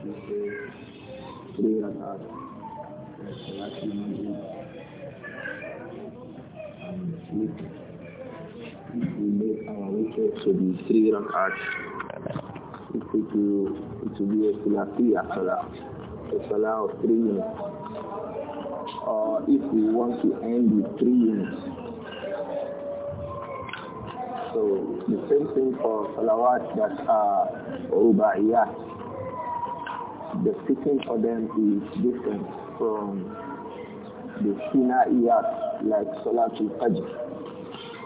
three rak'at, If we make our witr to be three rak'at, it will, it be a khilafiyah salah, a salah three minutes. Or if we want to end with three minutes, so the same thing for salawat that are ruba'iyat, the speaking for them is different from the thinner Iyat, like Salatul Fajr,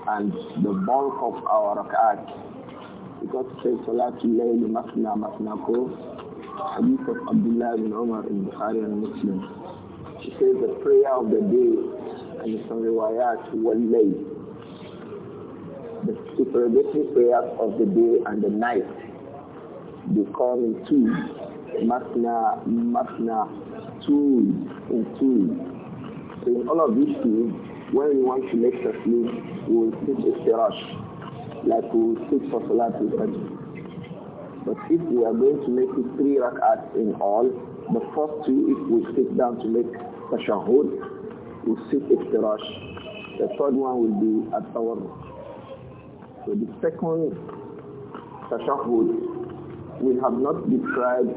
and the bulk of our Rak'at. Because say Salatul Layl, Masna, Masna Ko, Hadith of Abdullah bin Umar in Bukhari and Muslim. He says the prayer of the day, and the on Riwayat, one lay. The superlative prayers of the day and the night, they come in two Masna, Masna, two, and uh, two. So in all of these two, when we want to make three, we will sit istirash, like we will sit for Salatul Fajr. But if we are going to make it three rak'ats in all, the first two, if we sit down to make tashahud, we sit istirash. The third one will be at our. So the second tashahud, we have not described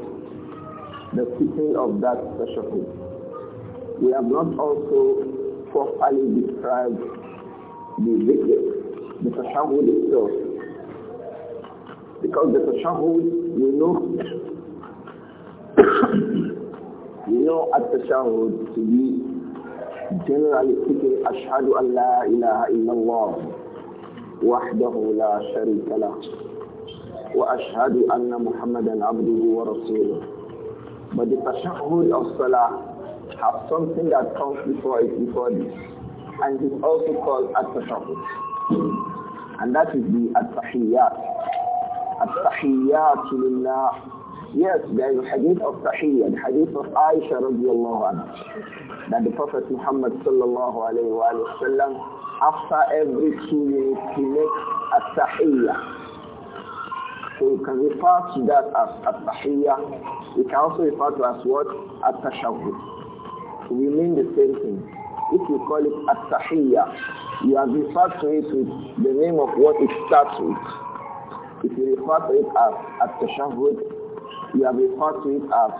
the people of that specialty. We have not also properly described the zikr, the tashahud itself. Because the tashahud, we know, we know at tashahud to be generally speaking, ashhadu an la ilaha illallah sharika lah, wa له anna Muhammadan abduhu wa rasuluh." But the tashahud of salah have something that comes before it, before this. And it's also called at-tashahud. And that is the at-tahiyyat. At-tahiyyat lillah. Yes, there is a hadith of tahiyyat, the hadith of Aisha radiallahu anha. That the Prophet Muhammad sallallahu alayhi wa sallam, after every two minutes, he makes at-tahiyyat. So you can refer to that as at-tahiyya. We can also refer to as what? At-tashahud. We mean the same thing. If you call it at-tahiyya, you have referred to it with the name of what it starts with. If you refer to it as at-tashahud, you have referred to it as,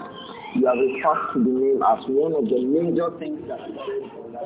you have referred to the name as one of the major things you said for that.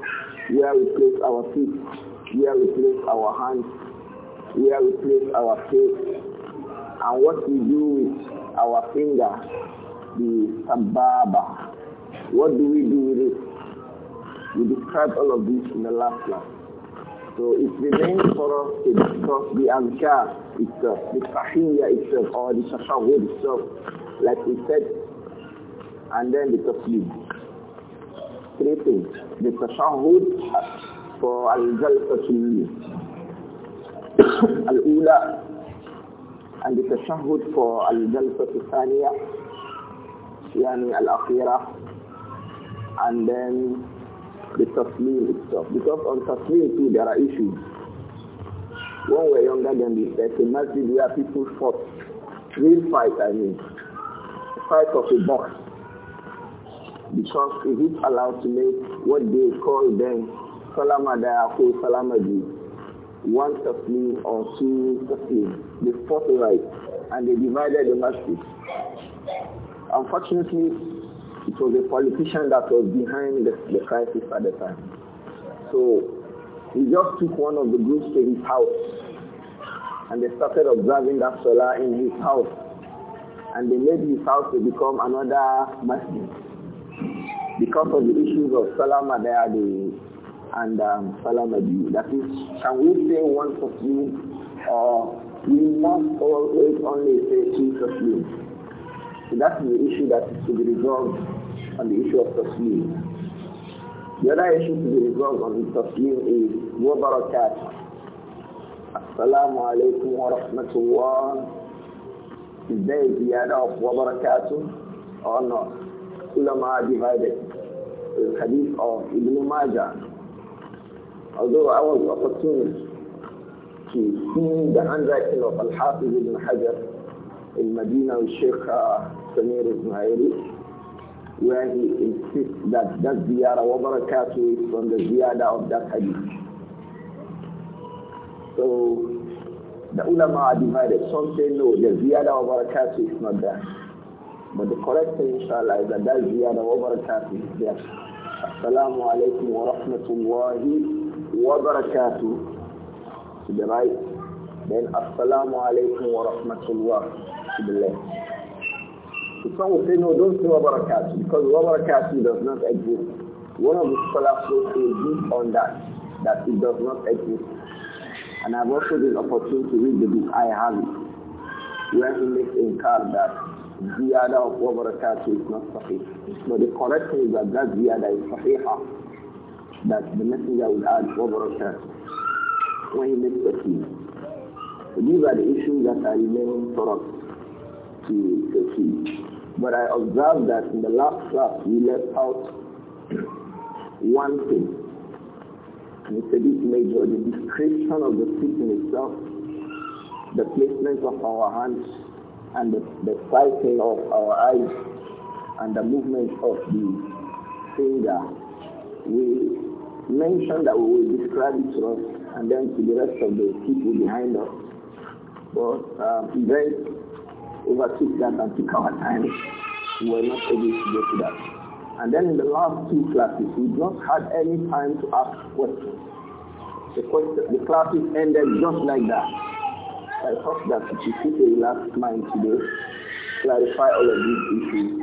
where we place our feet, where we place our hands, where we place our face, and what we do with our finger, the sababa. What do we do with it? We described all of this in the last class. So it remains for us to discuss the Amshar itself, the Tahiyya itself, or the Shashawud itself, like we said, and then the Tafsir. قريتم بالتشهد فالجلسة الأولى عند التشهد فالجلسة الثانية يعني الأخيرة and then the Taslim itself. Because on Taslim too there are issues. When we're younger than this, there's a massive where people fought. Real fight, I mean. Fight of a box. because is it allowed to make what they call them, salama dayaku salama one taslim or two taslim they fought right and they divided the masjid unfortunately it was a politician that was behind the, the crisis at the time so he just took one of the groups to his house and they started observing that salah in his house and they made his house to become another masjid because of the issues of Salam Adayade and um, Salam Adi. That is, can we say one Taslim or we must always only say two Taslim? So that is the issue that is to be resolved on the issue of Taslim. The other issue to be resolved on the Taslim is Wa Barakat. Assalamu alaikum wa rahmatullah. Is there a ziyada of Wa Barakatuh or not? ulama divided. The hadith of Ibn Majah. Although I was opportune to see the handwriting of Al-Hafiz Ibn Hajar in Medina with Sheikh uh, Samir Ismaili, where he insists that that ziyarah wa barakatuh is from the ziyada of that hadith. So the ulama are divided. Some say no, the ziyada wa barakatuh is not there. But the correct thing, inshallah, is that that's ziyada wa barakatuh is there. Assalamu alaikum wa rahmatullahi wa barakatuh to the right. Then assalamu alaikum wa rahmatullah to the left. So some will say, no, don't say wa barakatuh because wa barakatuh does not exist. One of the scholars wrote a book on that, that it does not exist. And I've also been fortunate to read the book, I have it, where he makes inkar that ziyada of wa is not sahih. But the correct thing is that that ziyada is sahihah. That the messenger will add wa when he makes the feed. So these are the issues that are remaining for us to proceed. But I observed that in the last class we left out one thing. And it's a bit major, the description of the seat in itself, the placement of our hands and the, the cycle of our eyes and the movement of the finger, we mentioned that we will describe it to us and then to the rest of the people behind us. But um, overtook that and took our time. We were not able to get to that. And then in the last two classes, we not had any time to ask questions. The, question, the classes ended just like that. I hope that you keep a relaxed mind today, clarify all of these issues,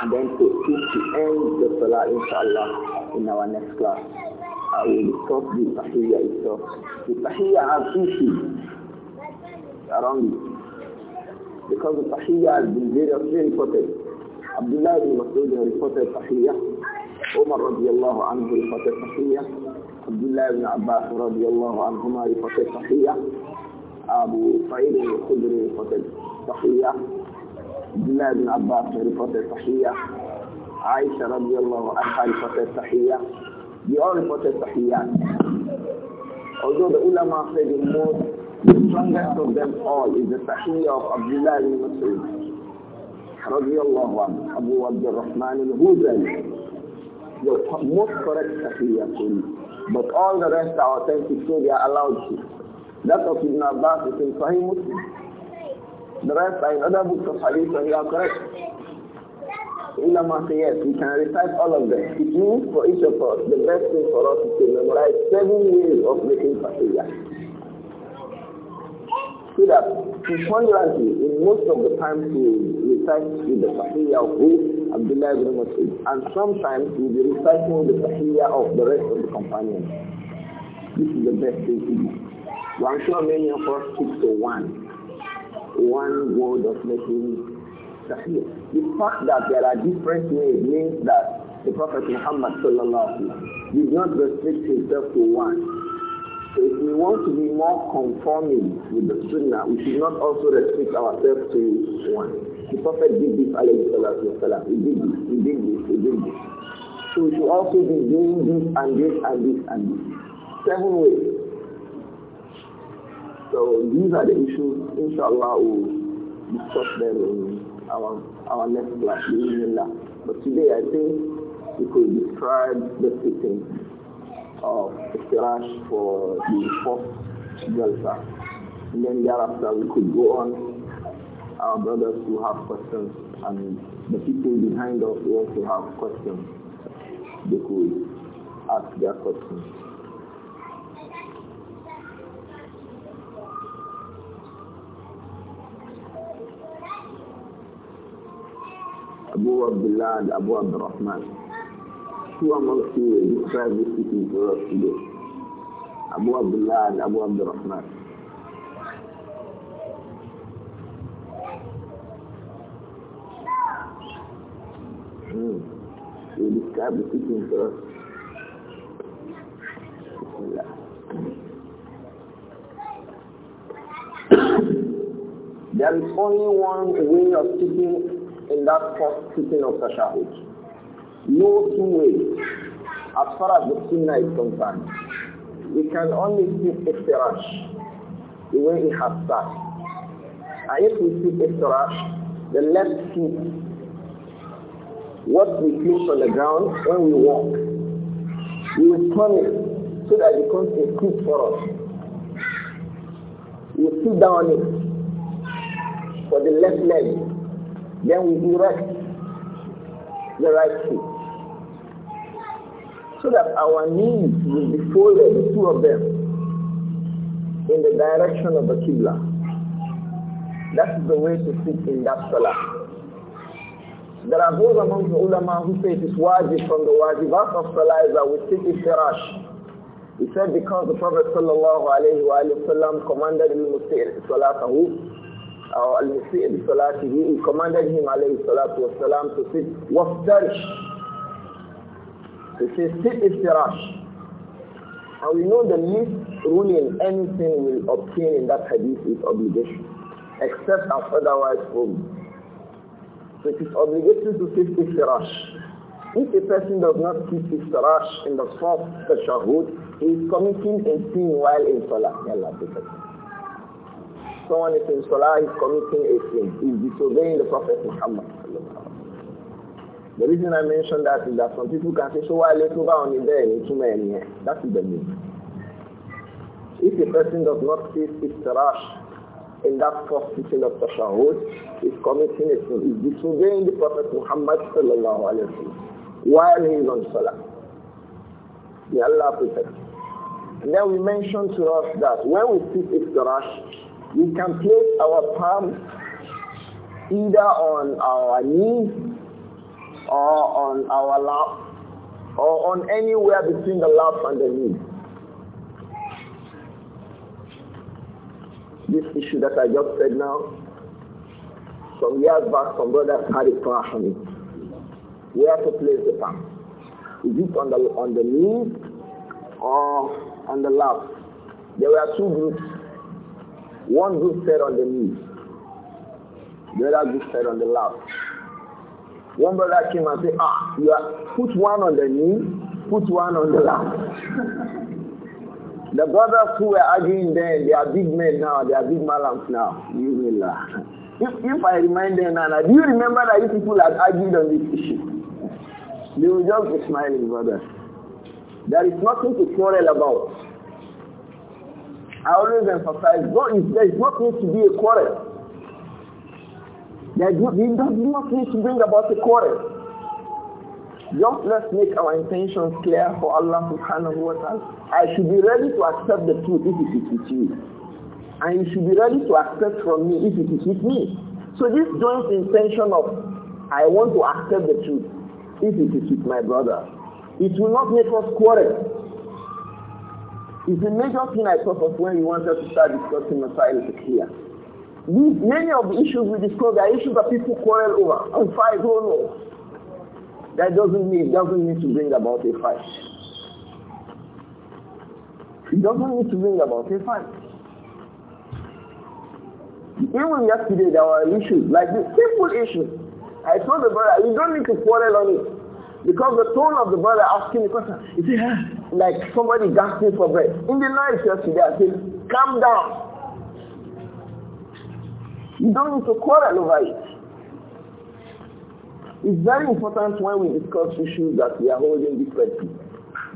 and then to to end the Salah inshallah in our next class. I will discuss the Tahiyya itself. The Tahiyya has issues around it. Because the Tahiyya has been variously reported. Abdullah ibn Masud reported Tahiyya. Umar radiallahu anhu reported Tahiyya. Abdullah ibn Abbas radiallahu anhu reported Tahiyya. أبو صعيد الخدري reported صحية عبد الله بن عباس reported صحية عائشة رضي الله عنها reported صحية They all reported صحية Although the ulama said the most, the strongest of them all is the Sahih of Abdullah ibn Mas'ud رضي الله عنه Abdul Rahman al الهوزلي The most correct Sahiyah But all the rest are authentic so they are allowed to That of Ibn Abbas is in Sahih Muslim. The rest are in other books of Hadith so you are correct. Ulama say yes, we can recite all of them. It means for each of us, the best thing for us is to memorize seven ways of making fatihah. So that preponderantly, in most of the time we recite with the fatihah of who? Abdullah ibn Masud. And sometimes we'll be reciting the fatihah of the rest of the companions. This is the best thing to do. I'm sure many of us stick to one. One word of making tafsir. The fact that there are different ways means that the Prophet Muhammad sallallahu did not restrict himself to one. So if we want to be more conforming with the Sunnah, we should not also restrict ourselves to one. The Prophet did this, alayhi salatu wasalam. He did this, he did this, he did this. So we should also be doing this and this and this and this. Seven ways. So these are the issues. Inshallah, we'll discuss them in our our next class. But today, I think we could describe the fitting of Istirash for the first Delta. And then thereafter, we could go on. Our brothers who have questions and the people behind us who also have questions, they could ask their questions. Abu Abdullah and Abu Abdurrahman. Who amongst you will describe this city for us today? Abu Abdullah and Abu Abdurrahman. Hmm. You describe the city for us. there is only one way of keeping in that first sitting of tashahud. No two ways. As far as the sunnah is concerned, we can only sit iftirash, the way it has started. And if we sit iftirash, the left foot, what we place on the ground when we walk, we will turn it so that it becomes a foot for us. We sit down it for the left leg then we erect the right foot. So that our knees will be folded, the two of them, in the direction of the Qibla. That is the way to sit in that Salah. There are those among the ulama who say it is wajib from the wajibat of Salah is that we sit in firash. He said because the Prophet sallallahu alayhi wa sallam commanded al-mustir salatahu or al-Musi'ib Salatihi, he commanded him alayhi salatu wasalam to sit wafdarish. He says sit istirash. And we know the least ruling anything will obtain in that hadith is obligation, except as otherwise proven. So it is obligatory to sit istirash. If a person does not keep istirash in the fourth tashahhud, he is committing a sin while in salah. Allah protect someone is in Salah is committing a sin, is disobeying the Prophet Muhammad. The reason I mention that is that some people can say, so why let over on the day in too many That is the meaning. If a person does not cease its rash in that first teaching of tashahud, he's committing a sin, He's disobeying the Prophet Muhammad sallallahu alayhi wa while he is on Salah. May Allah protect. And then we mentioned to us that when we cease its rash, we can place our palms either on our knees or on our lap or on anywhere between the lap and the knee. This issue that I just said now, some years back some brothers had a prayer for me. Where to place the palm? Is it on the on the knee or on the lap? There were two groups one who said on the knee, the other who said on the lap. One brother came and said, ah, you are, put one on the knee, put one on the lap." the brothers who were arguing then, they are big men now, they are big malams now. If, if I remind them now, do you remember that you people had argued on this issue? They will just be smiling, brother. There is nothing to quarrel about. I always emphasize, no, there is not need to be a quarrel. There does not need to bring about a quarrel. Just let's make our intentions clear for Allah subhanahu wa ta'ala. I should be ready to accept the truth if it is with you. And you should be ready to accept from me if it is with me. So this joint intention of I want to accept the truth if it is with my brother, it will not make us quarrel. It's the major thing I thought of when we wanted to start discussing Masail here. These, many of the issues we discussed are issues that people quarrel over and oh, fight over. Oh, that doesn't mean it doesn't mean to bring about a fight. It doesn't need to bring about a fight. Even yesterday there were issues, like the simple issue. I told the brother, you don't need to quarrel on it. Because the tone of the brother asking the question, is it like somebody gasping for breath? In the night yesterday, I said, calm down. You don't need to quarrel over it. It's very important when we discuss issues that we are holding different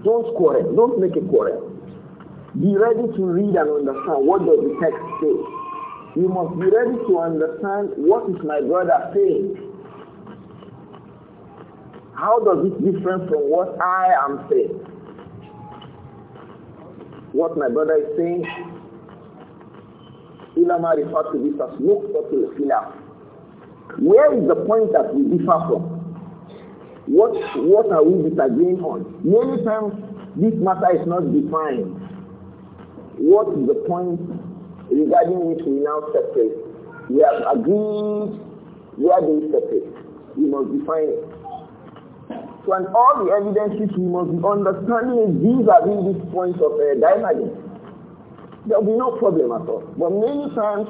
Don't quarrel. Don't make a quarrel. Be ready to read and understand what does the text say. You must be ready to understand what is my brother saying how does it differ from what I am saying? What my brother is saying, Ilama refer to this as Muqtatul Khilaf. Where is the point that we differ from? What, what are we disagreeing on? Many times this matter is not defined. What is the point regarding which we now separate? We have agreed where do we separate? We must define it. So, and all the evidences we must be understanding these are in this points of uh, divergence. There will be no problem at all. But many times,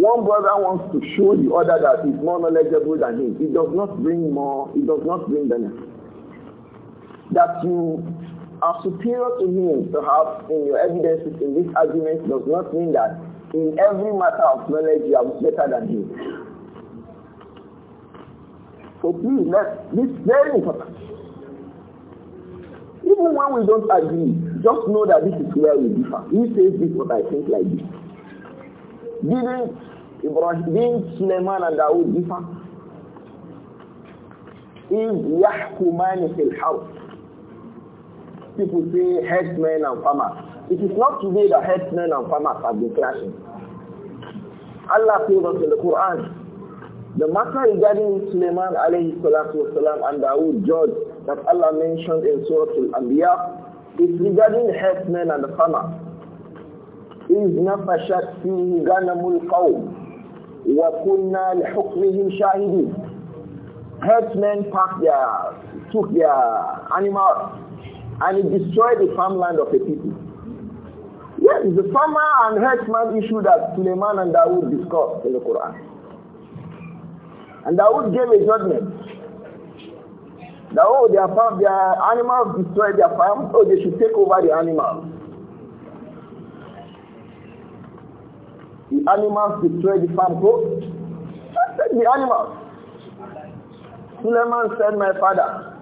one brother wants to show the other that he's more knowledgeable than him. It does not bring more, it does not bring benefit. That you are superior to him, perhaps in your evidences in this argument, does not mean that in every matter of knowledge you are better than him. So please, let this very important. Even when we don't agree, just know that this is where we differ. He says this, but I think like this. Didn't Ibrahim, didn't Suleiman and Dawood differ? If Yahkumani fil house, people say headsmen and farmers. It is not today that headsmen and farmers have been clashing. Allah told us in the Quran, the matter regarding Sulaiman alayhi salatu wasalam and Dawood judge that Allah mentioned in Surah Al-Anbiya is regarding the herdsmen and the farmer. إذ نفشت فيه غنم القوم وكنا لحكمهم شاهدين herdsmen packed their, took their animals and it destroyed the farmland of the people. Yes, the farmer and herdsman issue that Suleiman and Dawood discussed in the Quran. And Dawood gave a judgment. That, oh, their, farm, their animals destroyed their farms, or they should take over the animals. The animals destroyed the farm, oh, said the animals. Suleiman said, my father,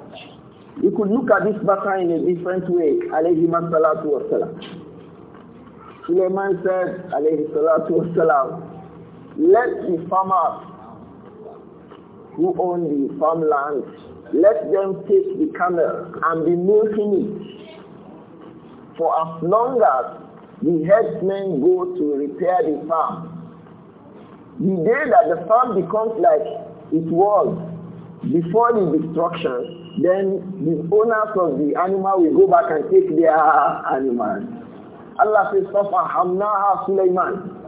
you could look at this matter in a different way, alayhi salatu wasalam. Suleiman said, alayhi salatu wasalam, let the farmers who own the farmland, let them take the camel and be milking it. For as long as the herdsmen go to repair the farm, the day that the farm becomes like it was before the destruction, then the owners of the animal will go back and take their animals. Allah says, Hamnaha Sulaiman.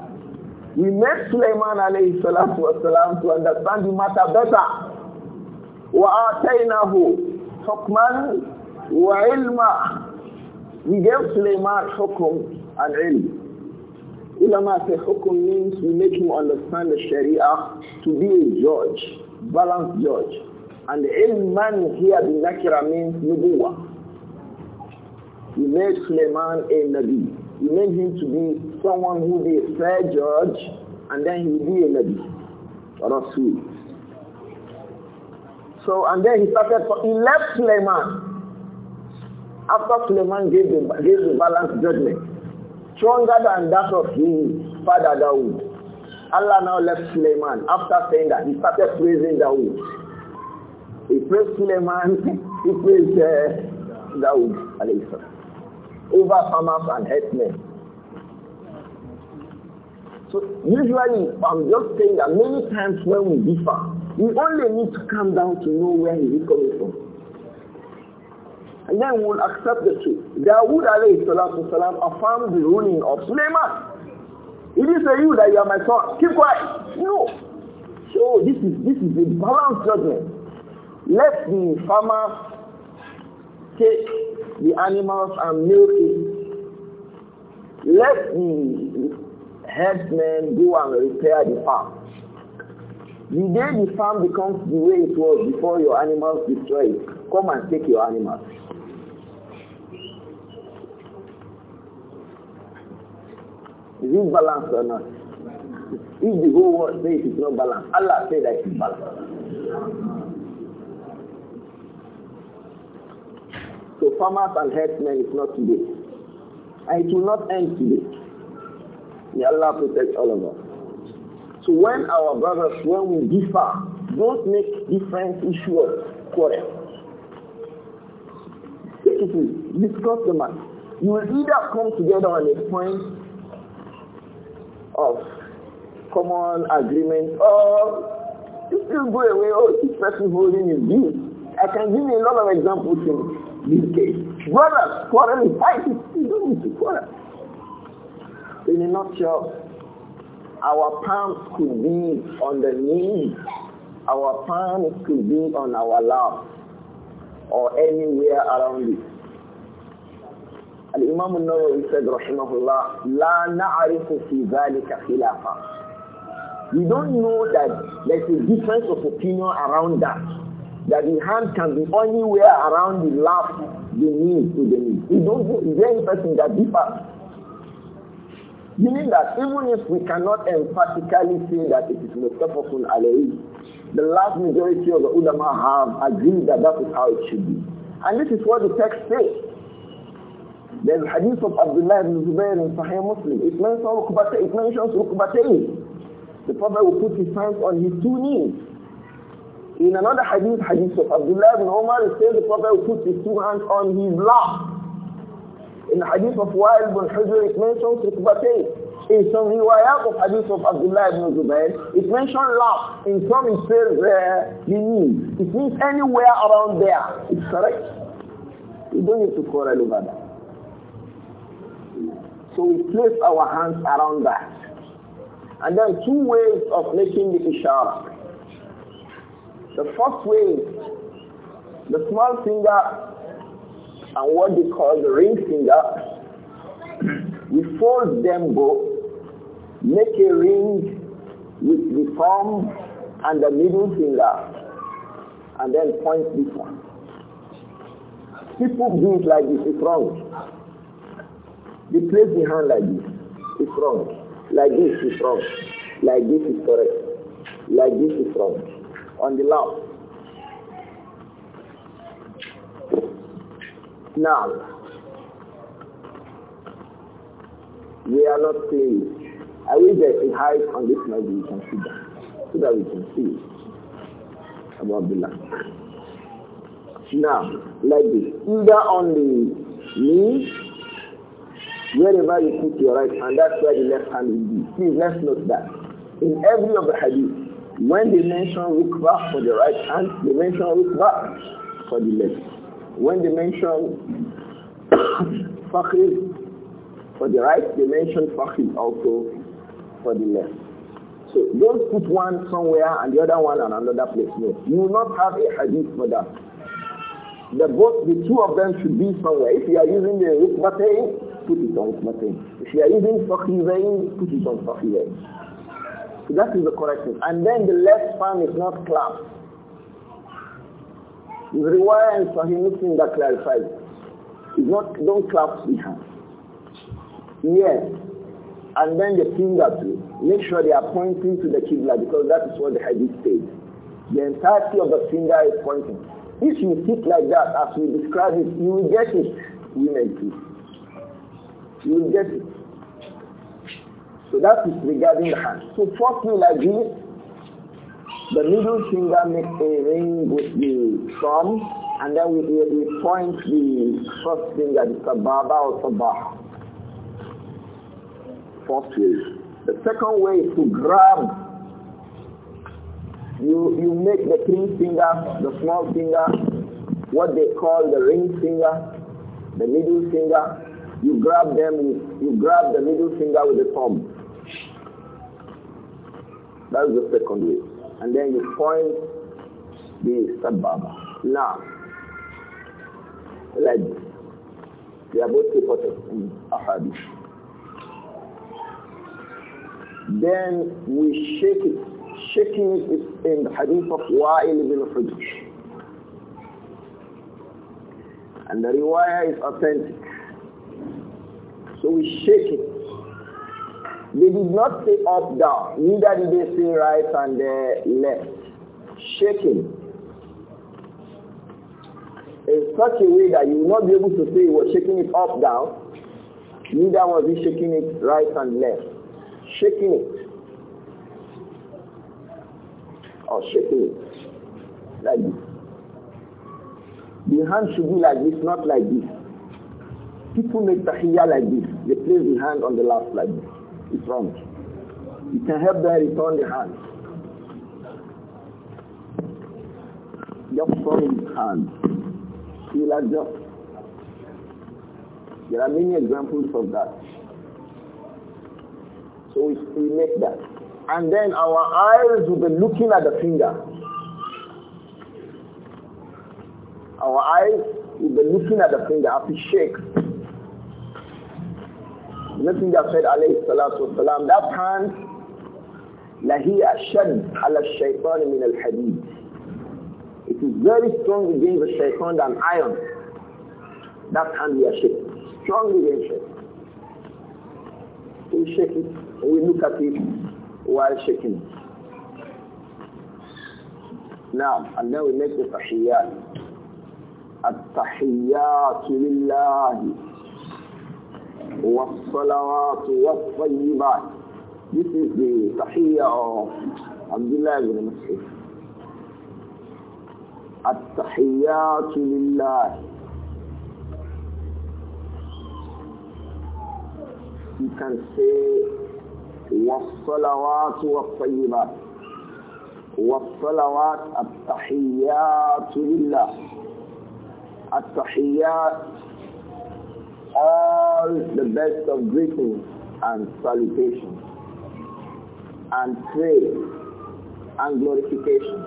We make Sulaiman alayhi salatu wasalam to understand the matter better. وَآتَيْنَهُ حُكْمًا وَعِلْمًا We gave Sulaiman hukum and ilm. Ulama say hukum means we make him understand the sharia to be a judge, balanced judge. And ilman here the nakira means nubuwa. We made Sulaiman a nabi made him to be someone who will be a fair judge and then he will be a Nabi or Rasul. So, and then he started, he left Suleiman. After Suleiman gave the, gave the balanced judgment, stronger than that of his father Dawood. Allah now left Suleiman. After saying that, he started praising Dawood. He praised Suleiman, he praised uh, Dawood over farmers and herdsmen. So usually, I'm just saying that many times when we differ, we only need to come down to know where he is coming from. And then we'll accept the truth. Dawood alayhi salatu salam affirmed the ruling of Suleiman. It is a you that you are my son. Keep quiet. No. So this is this is a balanced judgment. Let the farmer take the animals and milk it. Let the headsmen go and repair the farm. The day the farm becomes the way it was before your animals destroy it, come and take your animals. Is it balanced or not? If the whole world says it's not balanced, Allah says that it's balanced. So farmers and herdsmen is not today. And it will not end today. May Allah protect all of us. So when our brothers, when we differ, don't make different issues quarrel. Take it Discuss the matter. You will either come together on a point of common agreement or you still go away, oh, this person holding his views. I can give you a lot of examples this case. Brothers quarreling, fighting, you don't need to quarrel. In a nutshell, our palms could be on the knee, our palms could be on our lap, or anywhere around it. الإمام النووي said رحمه الله لا نعرف في ذلك خلافا. We don't know that there's a difference of opinion around that that the hand can be anywhere around the lap, the knee to the knee. It don't go, very there person that differs? Meaning that even if we cannot emphatically say that it is Mustafakun alayhi, the vast majority of the ulama have agreed that that is how it should be. And this is what the text says. There's hadith of Abdullah ibn Zubair in Sahih Muslim. It mentions Rukbatay. It mentions The Prophet will put his hands on his two knees. In another hadith, hadith of Abdullah ibn Umar, it says the Prophet put his two hands on his lap. In the hadith of Wa'il ibn Hujr, it mentions Rukbatay. In some riwayat of hadith of Abdullah ibn Zubayr, it mentions lap. In some it says uh, the knee. It means anywhere around there. It's correct. You don't need to quarrel over that. So we place our hands around that. And then two ways of making the ishara. The first way the small finger and what they call the ring finger, we fold them both, make a ring with the thumb and the middle finger, and then point this one. People do it like this, it's wrong. They place the hand like this, it's wrong. Like this is wrong. Like this is correct. Like this is wrong on the left. Now, we are not seeing. I wish get a height on this night we can see that, so that we can see about the left. Now, like this, either on the knee, wherever you put your right hand, that's where the left hand will be. Please, let's note that. In every of the hadith, when they mention rukbah for the right hand, they mention rukbah for the left. When they mention fakhir for the right, they mention fakhir also for the left. So don't put one somewhere and the other one on another place. No, you will not have a hadith for that. The both, the two of them should be somewhere. If you are using the rukbatain, put it on rukbatain. If you are using fakhivain, put it on fakhivain. That is the correction. And then the left palm is not clasped. With riwayah and sahih Muslim that clarifies It's not, don't clasp the hand. Yes. And then the finger too. Make sure they are pointing to the Qibla because that is what the hadith says. The entirety of the finger is pointing. If you sit like that as we describe it, you will get it. too. You will get it. So that is regarding the hand. So fourthly, like this, the middle finger makes a ring with the thumb and then we, we point the first finger, the sababa or sabah. First way. The second way is to grab. You, you make the three finger, the small finger, what they call the ring finger, the middle finger, you grab them you grab the middle finger with the thumb. That's the second way. And then you point the sababa. Now, like this. They are both reported in Ahadith. Then we shake it. Shaking it is in the hadith of Wa'il ibn Hujr. And the riwayah is authentic. So we shake it. They did not say up, down. Neither did they say right and uh, left. Shaking. In such a way that you will not be able to say he was shaking it up, down. Neither was he shaking it right and left. Shaking it. Or shaking it. Like this. The hand should be like this, not like this. People make tahiyyah like this. They place the hand on the left like this. It's wrong. You can help them return the hand. Just turn his hand. He will adjust. There are many examples of that. So we, we make that. And then our eyes will be looking at the finger. Our eyes will be looking at the finger as it shakes. Messenger said, alayhi salatu wasalam, that hand, ashad ala shaytan min al hadid. It is very strong against the shaytan than iron. That hand we are shaking. Strongly against it. We shake it, we look at it while shaking it. Now, and then we make the tahiyyat. At-tahiyyatu lillahi. والصلوات والطيبات This is the Tahiyya of Abdullah ibn Mas'ud. التحيات لله You can say والصلوات والطيبات والصلوات التحيات لله التحيات all the best of greetings and salutations and praise and glorification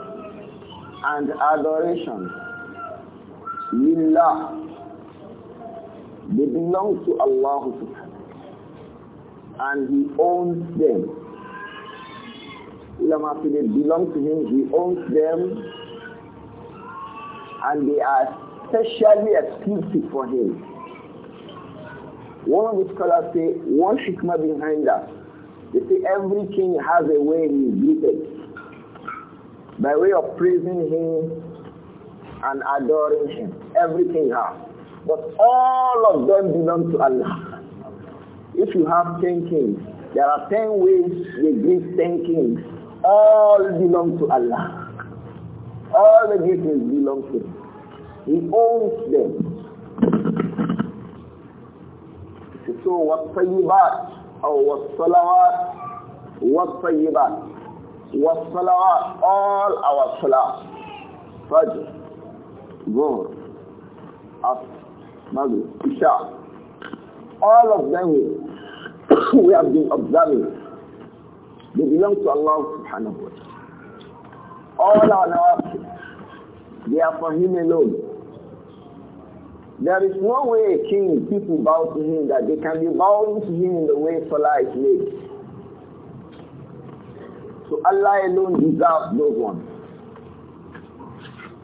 and adoration lillah they belong to Allah and he owns them ulama say they belong to him he owns them and they are specially exclusive for him one of the scholars say, one shikma behind that. They say every king has a way he is greeted. By way of praising him and adoring him. Everything has. But all of them belong to Allah. If you have ten kings, there are ten ways they greet ten kings. All belong to Allah. All the greetings belong to Him. He owns them. So والطيبات أو والصلوات والطيبات والصلوات all our salahs Fajr Zuhr ask, Maghrib Isha all of them we have been observing they belong to Allah subhanahu wa ta'ala all our nawafil they are for him alone there is no way a king, people bow to him, that they can be bowing to him in the way Salah is made. So Allah alone deserves those ones.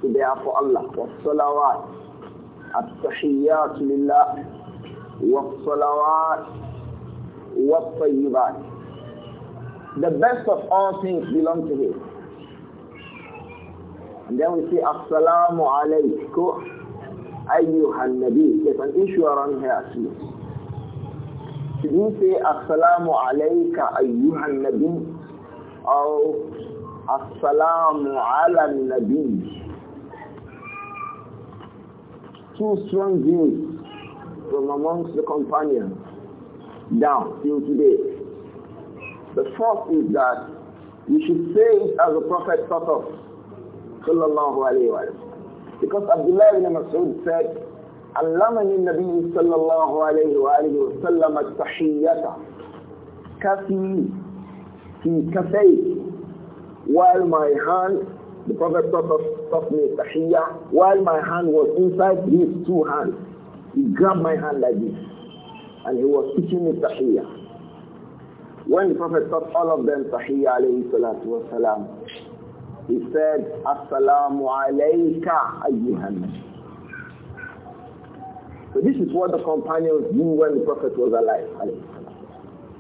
So they are for Allah, والصلوات التحيات لله والصلوات والطيبات The best of all things belong to Him. And then we say, Assalamu alaykum ayyuhan nabi. There's an issue around here actually. Should we say assalamu alayka ayyuhan nabi or assalamu ala nabi? Two strong views from amongst the companions down till today. The first is that we should say it as the Prophet taught us. Sallallahu alayhi wa because Abdullah ibn Mas'ud said, علمني النبي صلى الله عليه وآله وسلم التحية كفي في كفي while my hand the Prophet taught, us, me tahiyya while my hand was inside his two hands he grabbed my hand like this and he was teaching me tahiyya when the Prophet taught all of them tahiyya alayhi salatu wasalam he said, Assalamu alayka ayyuhan. So this is what the companions knew when the Prophet was alive.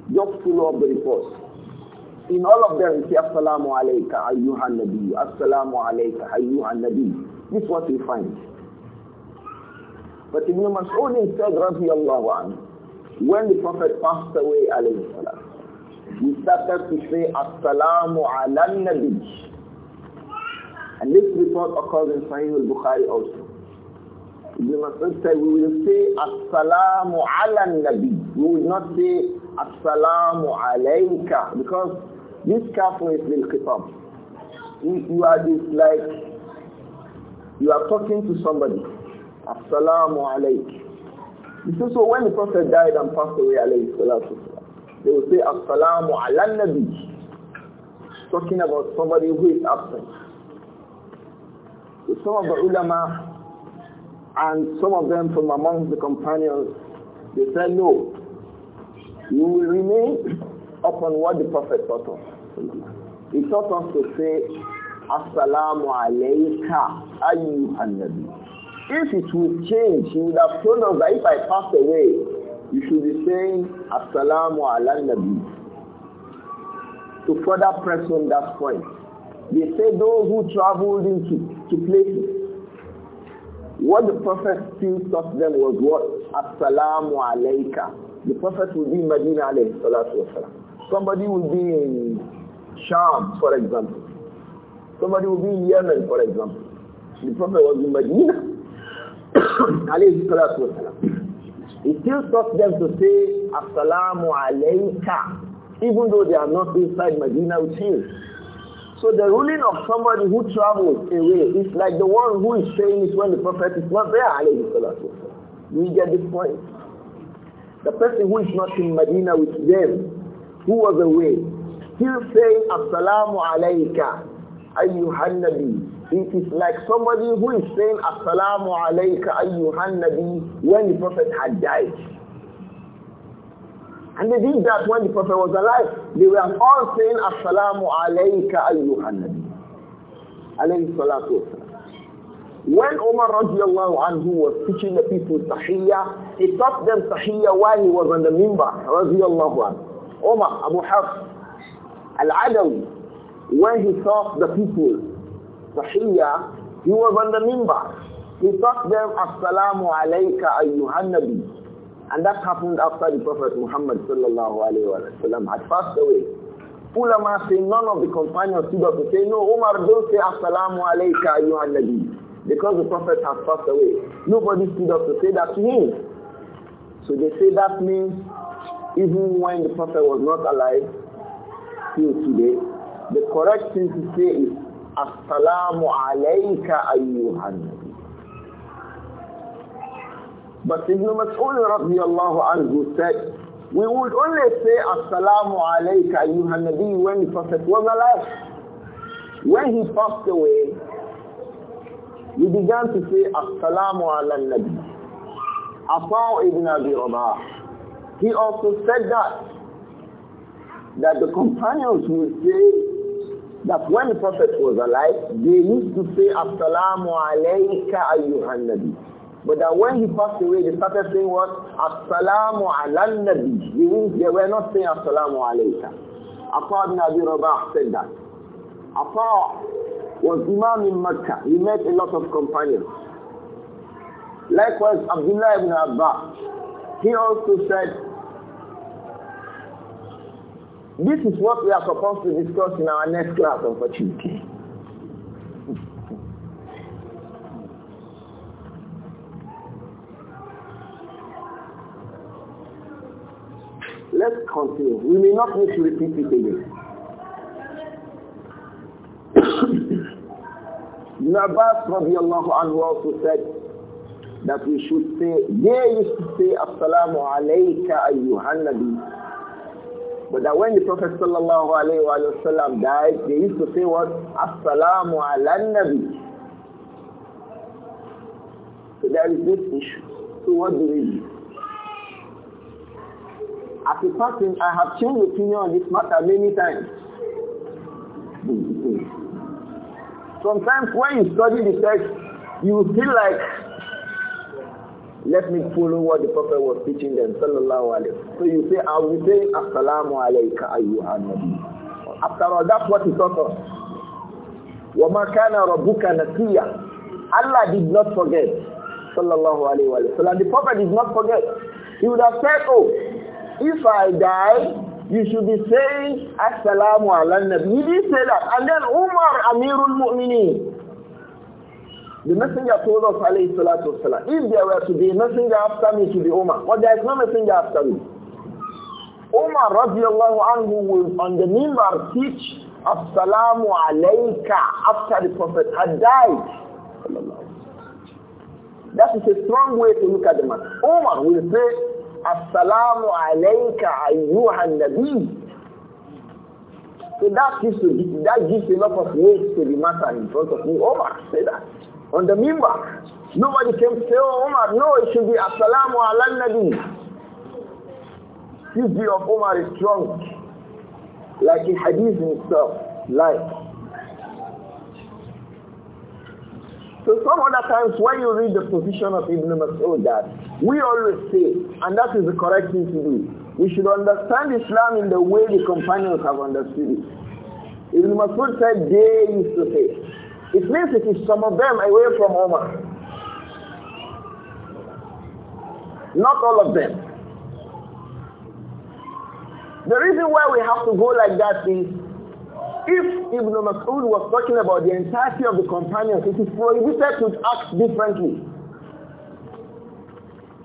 Just follow up the reports. In all of them, he Assalamu alayka ayyuhan nabi. Assalamu alayka ayyuhan nabi. This is what we find. But Ibn Mas'ud said, radiallahu anhu, when the Prophet passed away, alayhi salam, he started to say, Assalamu ala nabi. And this report occurs in Sahih al-Bukhari also. Ibn Masud said, we will say, As-salamu ala nabi. We will not say, As-salamu alayka. Because this kafir is lil khitab. If you are just like, you are talking to somebody. As-salamu alayk. You see, so when the Prophet died and passed away, alayhi salatu they will say, As-salamu ala nabi. Talking about somebody who is absent some of the ulama and some of them from among the companions, they said, no, you will remain upon what the Prophet taught us. He taught us to say, Assalamu alayka ayyuhan nabi. If it would change, he would have told us that if I passed away, you should be saying, Assalamu ala nabi. To further press on that point, they say those who traveled into to places. What the Prophet still taught them was what? Assalamu alayka. The Prophet would be in Medina alayhi salatu wasalam. Somebody would be in Sham, for example. Somebody would be in Yemen, for example. The Prophet was in Medina alayhi salatu wasalam. He still taught them to say Assalamu alayka, even though they are not inside Medina with him. So the ruling of somebody who travels away is like the one who is saying it when the prophet is not there. We get this point. The person who is not in Medina with them, who was away, still saying Assalamu alayka ayyuhan nabi. It is like somebody who is saying Assalamu alayka ayyuhan nabi when the prophet had died. And they did that when the Prophet was alive. They were all saying, Assalamu alayka ayyuhan nabi. Alayhi salatu When Umar radiallahu anhu was teaching the people tahiyya, he taught them tahiyya while he was on the mimbar radiallahu anhu. Umar Abu Hafs al-Adawi, when he taught the people tahiyya, he was on the mimbar. He taught them, Assalamu alayka ayyuhan nabi. And that happened after the Prophet Muhammad sallallahu alayhi wa sallam had passed away. Ulama say none of the companions stood up to say, no, Umar, don't say assalamu alayka ayyuhan nabi. Because the Prophet has passed away. Nobody stood up to say that to him. So they say that means even when the Prophet was not alive, till today, the correct thing to say is assalamu alayka ayyuhan nabi. But Ibn Mas'ud radiallahu anhu said, we would only say Assalamu alayka ayyuhan Nabi when the Prophet was alive. When he passed away, we began to say Assalamu ala Nabi. Afa'u ibn Abi Rabah. He also said that, that the companions would say that when the Prophet was alive, they used to say, Assalamu alayka ayyuhan Nabi. But that when he passed away, they started saying what? as ala nabi. They, were not saying As-salamu alayka. Afar ibn Abi Rabah said that. Afar was Imam in Mecca. He met a lot of companions. Likewise, Abdullah ibn Abbas. He also said, this is what we are supposed to discuss in our next class, unfortunately. Let's continue. We may not need to repeat it again. Ibn Abbas radiallahu anhu also said that we should say, they used to say, Assalamu alayka ayyuhan nabi. But that when the Prophet sallallahu alayhi wa sallam died, they used to say what? Assalamu ala nabi. So there is this issue. So what do we do? As a person, I have changed opinion on this matter many times. Sometimes when you study the text, you feel like, let me follow what the Prophet was teaching them, sallallahu alayhi So you say, I will say, assalamu alayka nabi. After all, that's what he taught us. وَمَا كَانَ رَبُّكَ نَسِيًّا Allah did not forget, sallallahu alayhi wa sallam. The Prophet did not forget. He would have said, oh, if I die, you should be saying assalamu ala nabi he did say that and then umar amirul Mu'mineen. the messenger told us alayhi salatu wasalam if there were to be a messenger after me to be umar but there is no messenger after me umar radiallahu anhu will on the mimbar teach assalamu alayka after the prophet had died that is a strong way to look at the matter umar will say Assalamu alayka ayyuhan nabi. So that gives, to, that gives a lot of weight to the matter in front of me. Omar, say that. On the member. Nobody can say, oh Omar, no, it should be Assalamu ala nabi. This view of Omar is strong. Like a hadith himself, itself. Like, So some other times when you read the position of Ibn Mas'ud that we always say, and that is the correct thing to do, we should understand Islam in the way the companions have understood it. Ibn Mas'ud said they used to say. It means it is some of them away from Omar. Not all of them. The reason why we have to go like that is if Ibn Mas'ud was talking about the entirety of the companions, it is prohibited to act differently.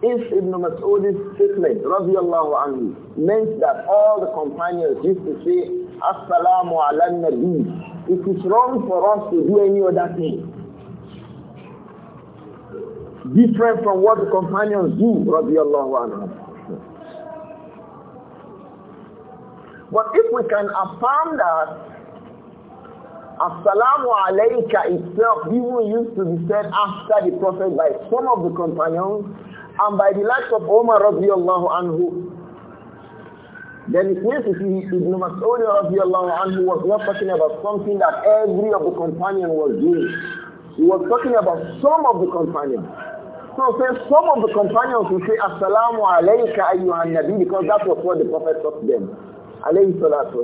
If Ibn Mas'ud's statement, radiallahu anhu, meant that all the companions used to say, Assalamu ala nabi, it is wrong for us to do any other thing. Different from what the companions do, radiallahu anhu. But if we can affirm that Assalamu alayka itself even used to be said after the Prophet by some of the companions and by the likes of Omar radiallahu anhu. Then it means if Ibn Mas'ud radiallahu anhu was not talking about something that every of the companion was doing. He was talking about some of the companions. So since some of the companions will say Assalamu alayka ayyuhan nabi because that was what the Prophet taught them. Alayhi salatu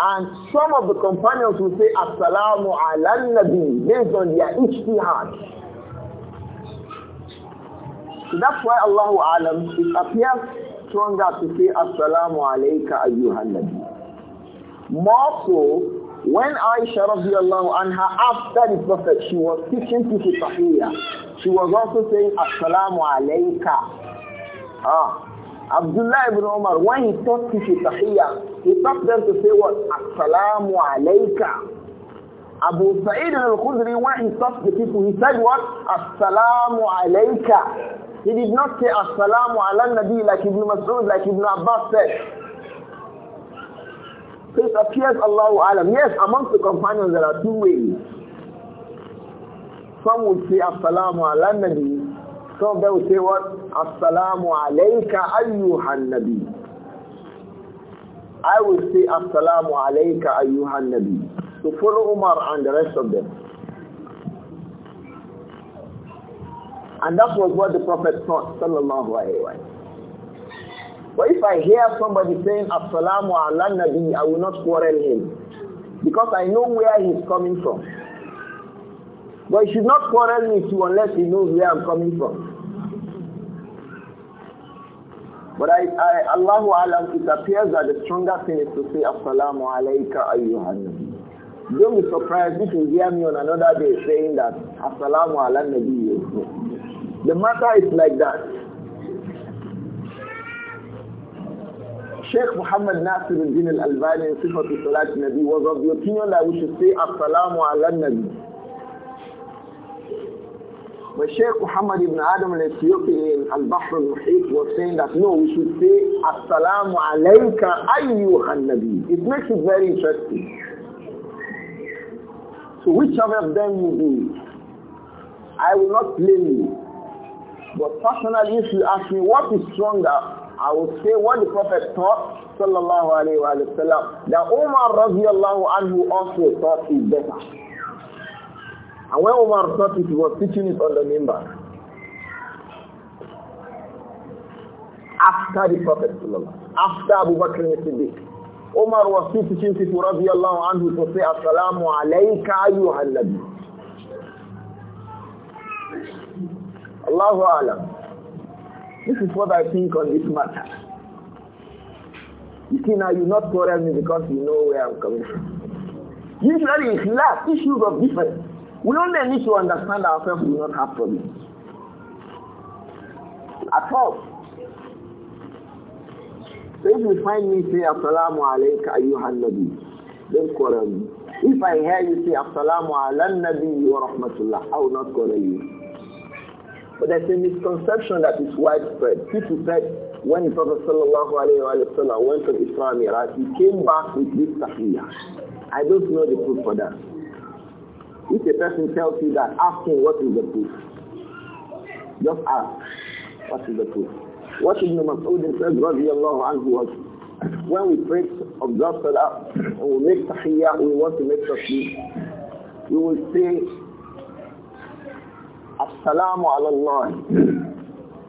and some of the companions will say, Assalamu ala nabi, based on their ijtihad. So that's why Allahu Alam, it appears stronger to say Assalamu alayka ayyuhan nabi. More so, when Aisha radiallahu anha, after the Prophet, she was teaching people Tahiyya. She was also saying Assalamu alayka. Ah. Abdullah ibn Umar, when he taught people Tahiyya, he taught them to say what? Assalamu Alaikum. Abu Sa'id al-Khudri, when he taught the people, he said what? Assalamu alayka. He did not say Assalamu ala nabi like Ibn Mas'ud, like Ibn Abbas said. So it appears Allahu alam. Yes, amongst the companions there are two ways. Some would say Assalamu ala nabi. Some of them would say what? Assalamu alayka Ayyuhal nabi. I will say, Assalamu alayka ayyuhan nabi. To follow Umar and the rest of them. And that was what the Prophet taught, sallallahu alayhi wa But if I hear somebody saying, Assalamu ala nabi, I will not quarrel him. Because I know where he's coming from. But he should not quarrel me too unless he knows where I'm coming from. But I, I Allahu Alam, it appears that the stronger thing is to say, Assalamu alaikum. ayyuhan Don't be surprised if you hear me on another day saying that, Assalamu ala nabi The matter is like that. Sheikh Muhammad Nasir al-Din al-Albani in Sifat al-Salat Nabi was of the opinion that we should say Assalamu ala Nabi. But Sheikh Muhammad ibn Adam al-Ethiopi Al-Bahr al-Muhit was saying that no, we should say Assalamu alayka ayyuhan nabi. It makes it very interesting. So whichever of them you do, I will not blame you. But personally, if you ask me what is stronger, I will say what the Prophet taught, sallallahu alayhi wa sallam, that Umar radiallahu anhu also thought is better. And when Omar taught it, he was teaching it on the member. After the Prophet, after Abu Bakr and Siddiq, Omar was still teaching it people, radiallahu anhu, to say, Assalamu alayka ayyuhal nabi. Allahu alam. This is what I think on this matter. You see now, you not quarrel me because you know where I'm coming from. Usually it's last issues of difference. We only need to understand ourselves we will not have problems. At all. So if you find me say Assalamu alaikum ayyuhan nabi, don't quarrel me. If I hear you say Assalamu Alaikum, nabi wa rahmatullah, I will not quarrel you. But there's a misconception that is widespread. People said when the Prophet sallallahu alayhi wa sallam went to Islam he came back with this taqiyah. I don't know the proof for that. If a person tells you that, ask him what is the proof. Just ask, what is the proof? What Ibn Mas'ud said, radiallahu anhu, was, when we pray, observe salah, and we make tahiyyah, we want to make tasbih, we will say, Assalamu ala Allah,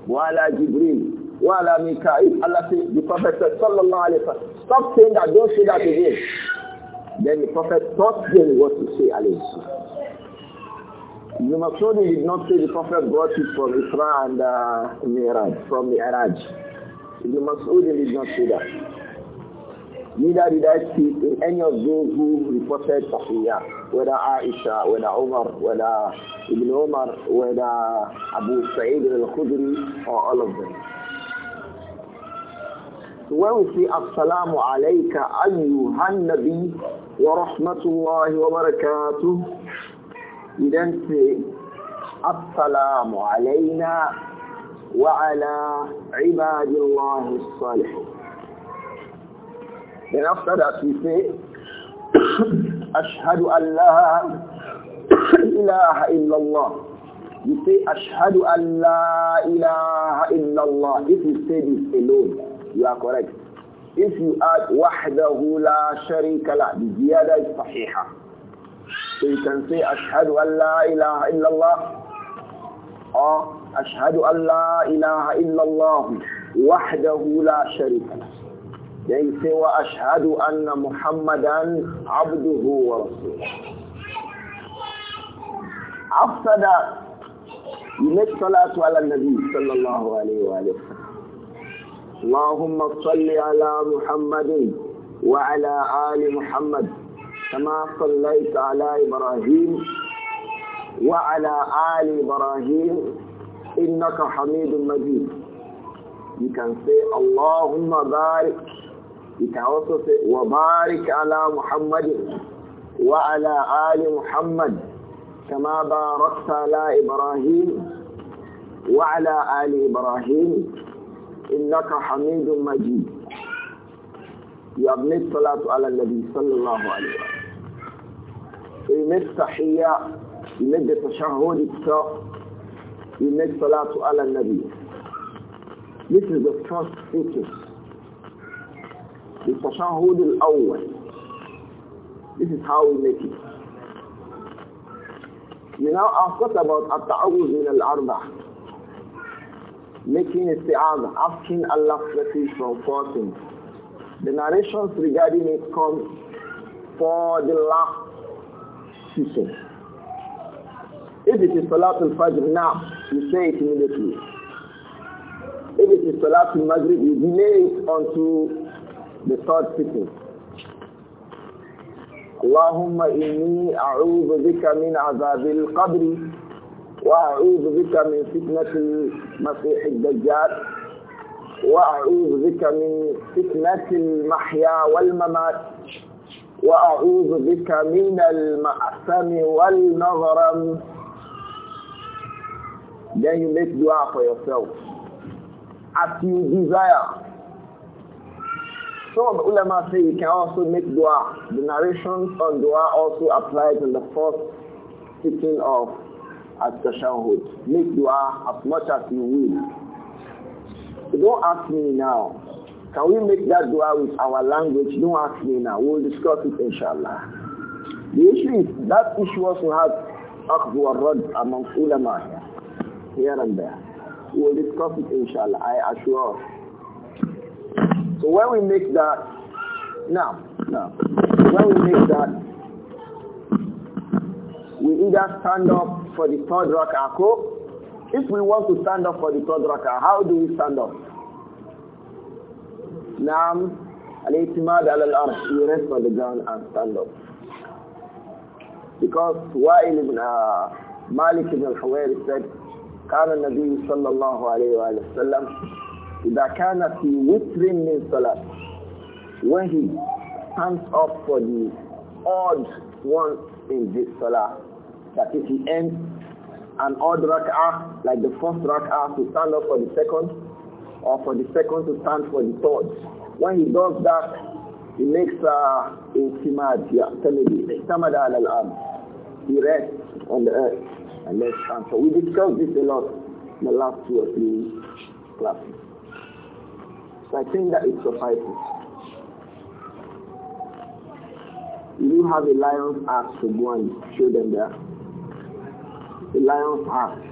wa ala Jibreel, wa ala Mika'il. Allah said, the Prophet said, sallallahu alayhi wa sallam, stop saying that, don't say that again. Then the Prophet taught him what to say, alayhi The Masudi did not say the Prophet brought it from Isra and uh, Miraj, from the Araj. The Masudi did not say that. Neither did I see in any of those who reported Sahiya, whether Aisha, whether Umar, whether Ibn Umar, whether Abu Sa'id al-Khudri, or all of them. So when we see Assalamu alayka ayyuhan nabi wa rahmatullahi wa barakatuh You then say, say, Assalamu alayna wa ala ibadillahi salih. Then after that we say, Ashhadu an la ilaha illallah. You say, Ashhadu an la ilaha illallah. If you say this alone, you are correct. If you add wahdahu la sharika la, the ziyada is sahihah. So you can say, Ashhadu an la ilaha illallah or Ashhadu an la ilaha illallah wahdahu la sharika Then you say, wa ashhadu anna Muhammadan abduhu wa rasuluh. After that, you make salatu ala nabi sallallahu alayhi wa alayhi اللهم صل على محمد وعلى آل محمد كما صليت على إبراهيم وعلى آل إبراهيم إنك حميد مجيد You can say اللهم بارك You can also say وبارك على محمد وعلى آل محمد كما باركت على إبراهيم وعلى آل إبراهيم إنك حميد مجيد يا ابن الصلاة على النبي صلى الله عليه وسلم يمد تحية يمد تشهد يمد صلاة على النبي This is the first focus التشهد الأول This is how we make it You know, I've thought about التعوذ من الأربع making isti'adha, asking Allah Allah's refuge from four things. The narrations regarding it come for the last teaching. If it is Salatul Fajr now, you say it immediately. If it is Salatul Maghrib, you delay it onto the third sitting. اللهم إني أعوذ بك من عذاب القبر وأعوذ بك من فتنة المسيح الدجال وأعوذ بك من فتنة المحيا والممات وأعوذ بك من المأثم والمغرم Then you make dua for yourself as you desire. Some ulama say you can also make dua. The narration on dua also applies in the first sitting of at-tashahhud. Make dua as much as you will. don't ask me now. Can we make that dua with our language? Don't ask me now. We'll discuss it inshallah. The issue is that issue also has akhdu rad among ulama here, here and there. We'll discuss it inshallah, I assure. So when we make that, now, now, when we make that, we either stand up for the third rak'ah, if we want to stand up for the third rak'ah, how do we stand up? Naam, al-itimad al-arsh, you rest on the ground and stand up. Because Wa'il ibn uh, Malik ibn al-Huwairi said, كان النبي Nabi Sallallahu عليه وآله وسلم when he stands up for the odd one in this salah that if he ends an odd rak'ah like the first rak'ah to stand up for the second or for the second to stand for the third. When he does that, he makes uh, a intimad, intimad al He rests on the earth and let's answer. We discussed this a lot in the last two or three classes. So I think that it suffices. You have a lion's ass to go and show them there. The lion's ass.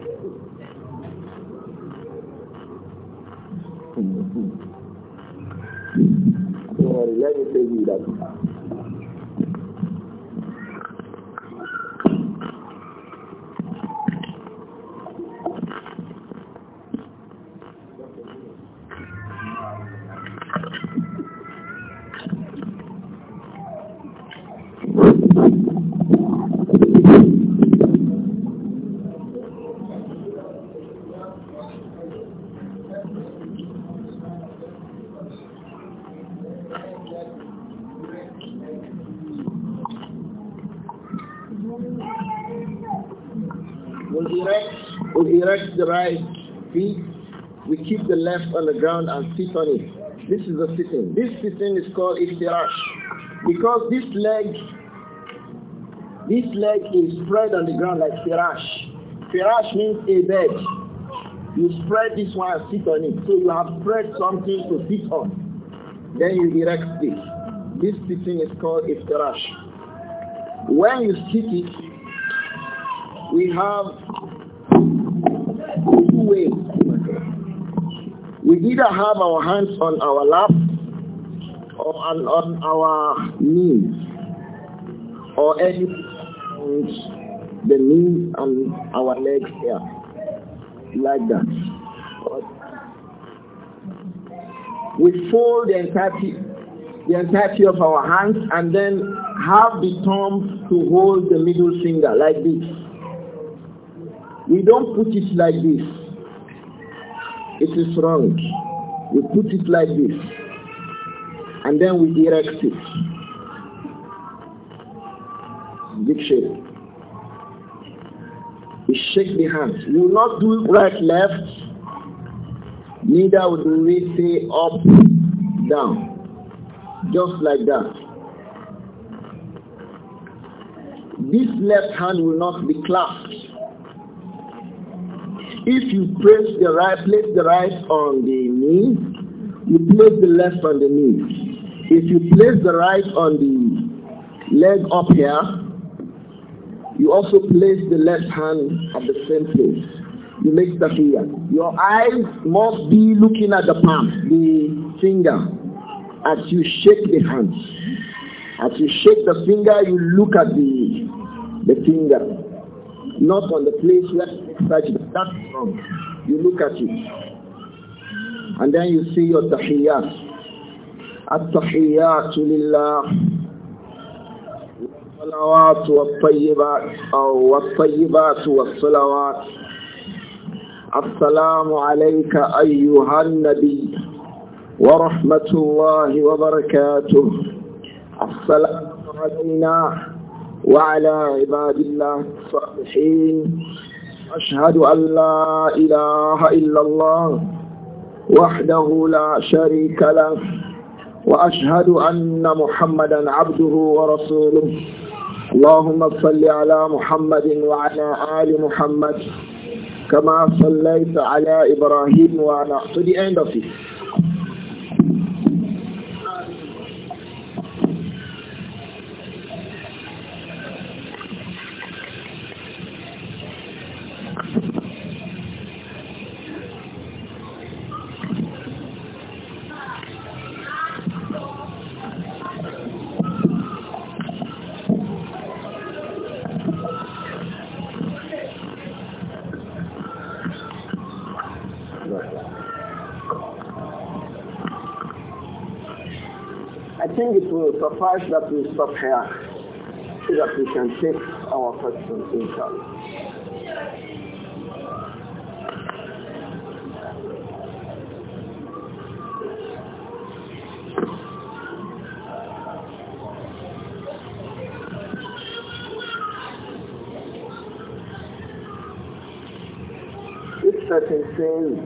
Señor, you right feet, we keep the left on the ground and sit on it. This is the sitting. This sitting is called iftirash. Because this leg, this leg is spread on the ground like firash. Firash means a bed. You spread this one and sit on it. So you have spread something to sit on. Then you erect this. This sitting is called iftirash. When you sit it, we have way. We either have our hands on our lap or on, on our knees or any the knees and our legs here like that. we fold the entirety the entirety of our hands and then have the thumb to hold the middle finger like this. We don't put it like this. It is wrong. We put it like this, and then we erect it. Big shape. We shake the hands. We will not do right, left. Neither will we say up, down. Just like that. This left hand will not be clasped if you place the right, place the right on the knee, you place the left on the knee. If you place the right on the leg up here, you also place the left hand at the same place. You make tafiyah. Your eyes must be looking at the palm, the finger, as you shake the hand. As you shake the finger, you look at the the finger, not on the place where sajda. That's wrong. You look at it. And then you see your tahiyyat. التحيات لله والصلوات والطيبات أو والطيبات والصلوات السلام عليك أيها النبي ورحمة الله وبركاته السلام علينا وعلى عباد الله الصالحين أشهد أن لا إله إلا الله وحده لا شريك له وأشهد أن محمدا عبده ورسوله اللهم صل على محمد وعلى آل محمد كما صليت على إبراهيم وعلى آل the suffice that we stop here so that we can take our questions inshallah. certain things.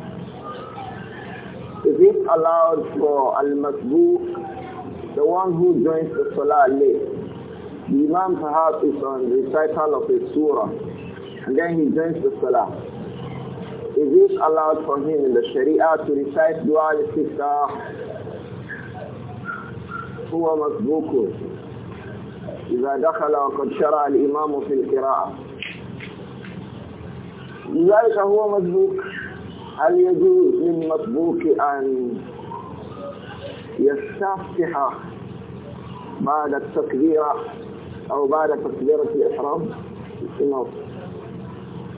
Is it allowed for al-masbuq the one who joins the salah late. The imam perhaps is on recital of a surah and then he joins the salah. Is it allowed for him in the sharia to recite dua al-istiftah هو مسبوق إذا دخل وقد شرع الإمام في القراءة لذلك هو مسبوق هل يجوز للمسبوق أن يستفتح بعد التكبيرة أو بعد تكبيرة الإحرام الصلاة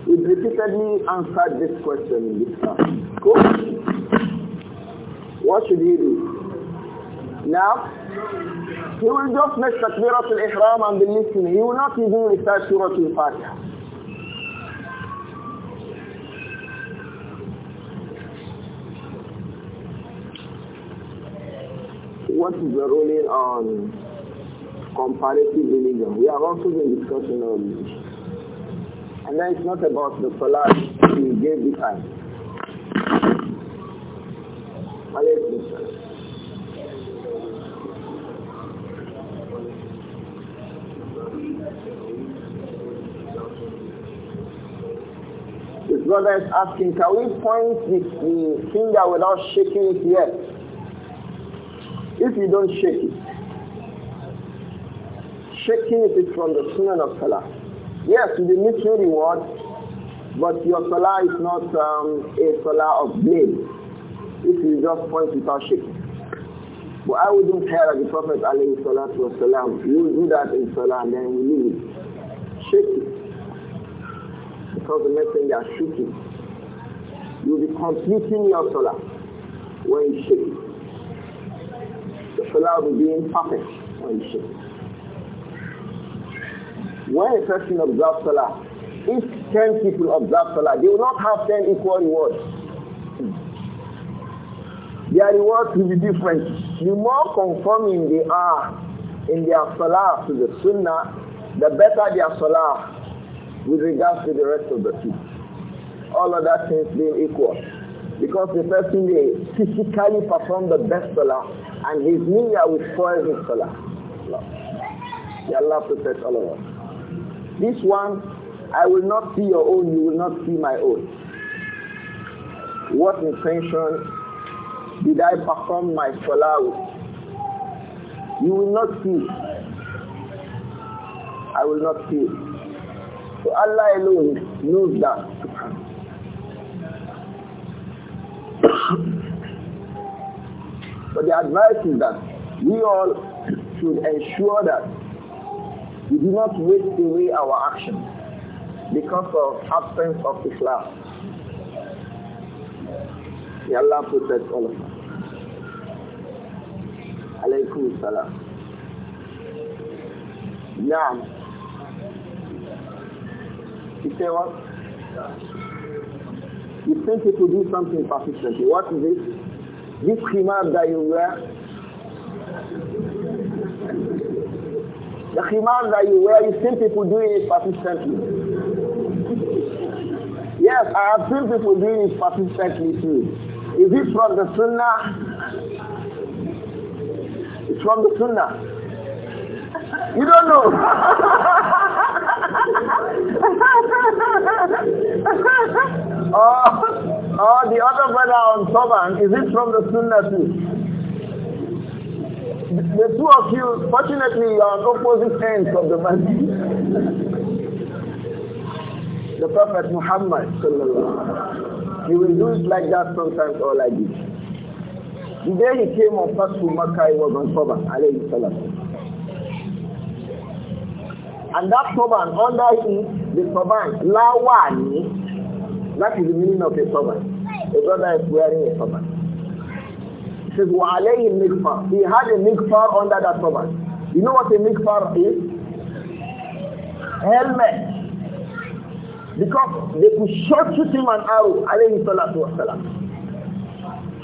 It repeatedly answered this question in this time. Cool. What should he do? Now, he will just make takbirat al-ihram and be listening. He will not even recite Surah al-Fatiha. what is the ruling on comparative religion? We have also been discussing on this. And then it's not about the salah we gave the time. His brother is asking, can we point the finger without shaking it yet? if you don't shake it. Shaking it is from the sunnah of salah. Yes, you need meet reward, but your salah is not um, a salah of blame if you just point without shaking. But I wouldn't care that the Prophet alayhi salatu wasalam, you do that in salah and then you leave it. Shake it. Because the messenger shook shaking. You'll be completing your salah when you shake it salah will being perfect. when you When a person observes salah, if 10 people observe salah, they will not have 10 equal rewards. Their rewards will be different. The more conforming they are in their salah to the sunnah, the better their salah with regards to the rest of the people. All other things being equal. Because the person they physically perform the best salah, and his niyyah will spoil his salah. May Allah protect all of us. This one, I will not see your own, you will not see my own. What intention did I perform my salah with? You will not see. I will not see. So Allah alone knows that. But the advice is that we all should ensure that we do not waste away our actions because of absence of Islam. May Allah protect all of us. Alaykum salam. Naam. You say what? You think will do something persistently. What is it? This khimar that you wear, the command that you wear, you see people doing it persistently. Yes, I have seen people doing it persistently too. Is it from the sunnah? It's from the sunnah. You don't know. oh. Or the other brother on turban, is it from the sunnah too? The two of you, fortunately, you are on opposite ends of the man. the Prophet Muhammad, he will do it like that sometimes or like this. The day he came on first to Makkah, he was on turban, alayhi salam. And that turban, under him, the turban, lawani, that is the meaning of a turban. A brother is wearing a turban. He says, وَعَلَيْهِ mikfar. He had a mikfar under that turban. You know what a mikfar is? Helmet. Because they could shoot him an arrow, alayhi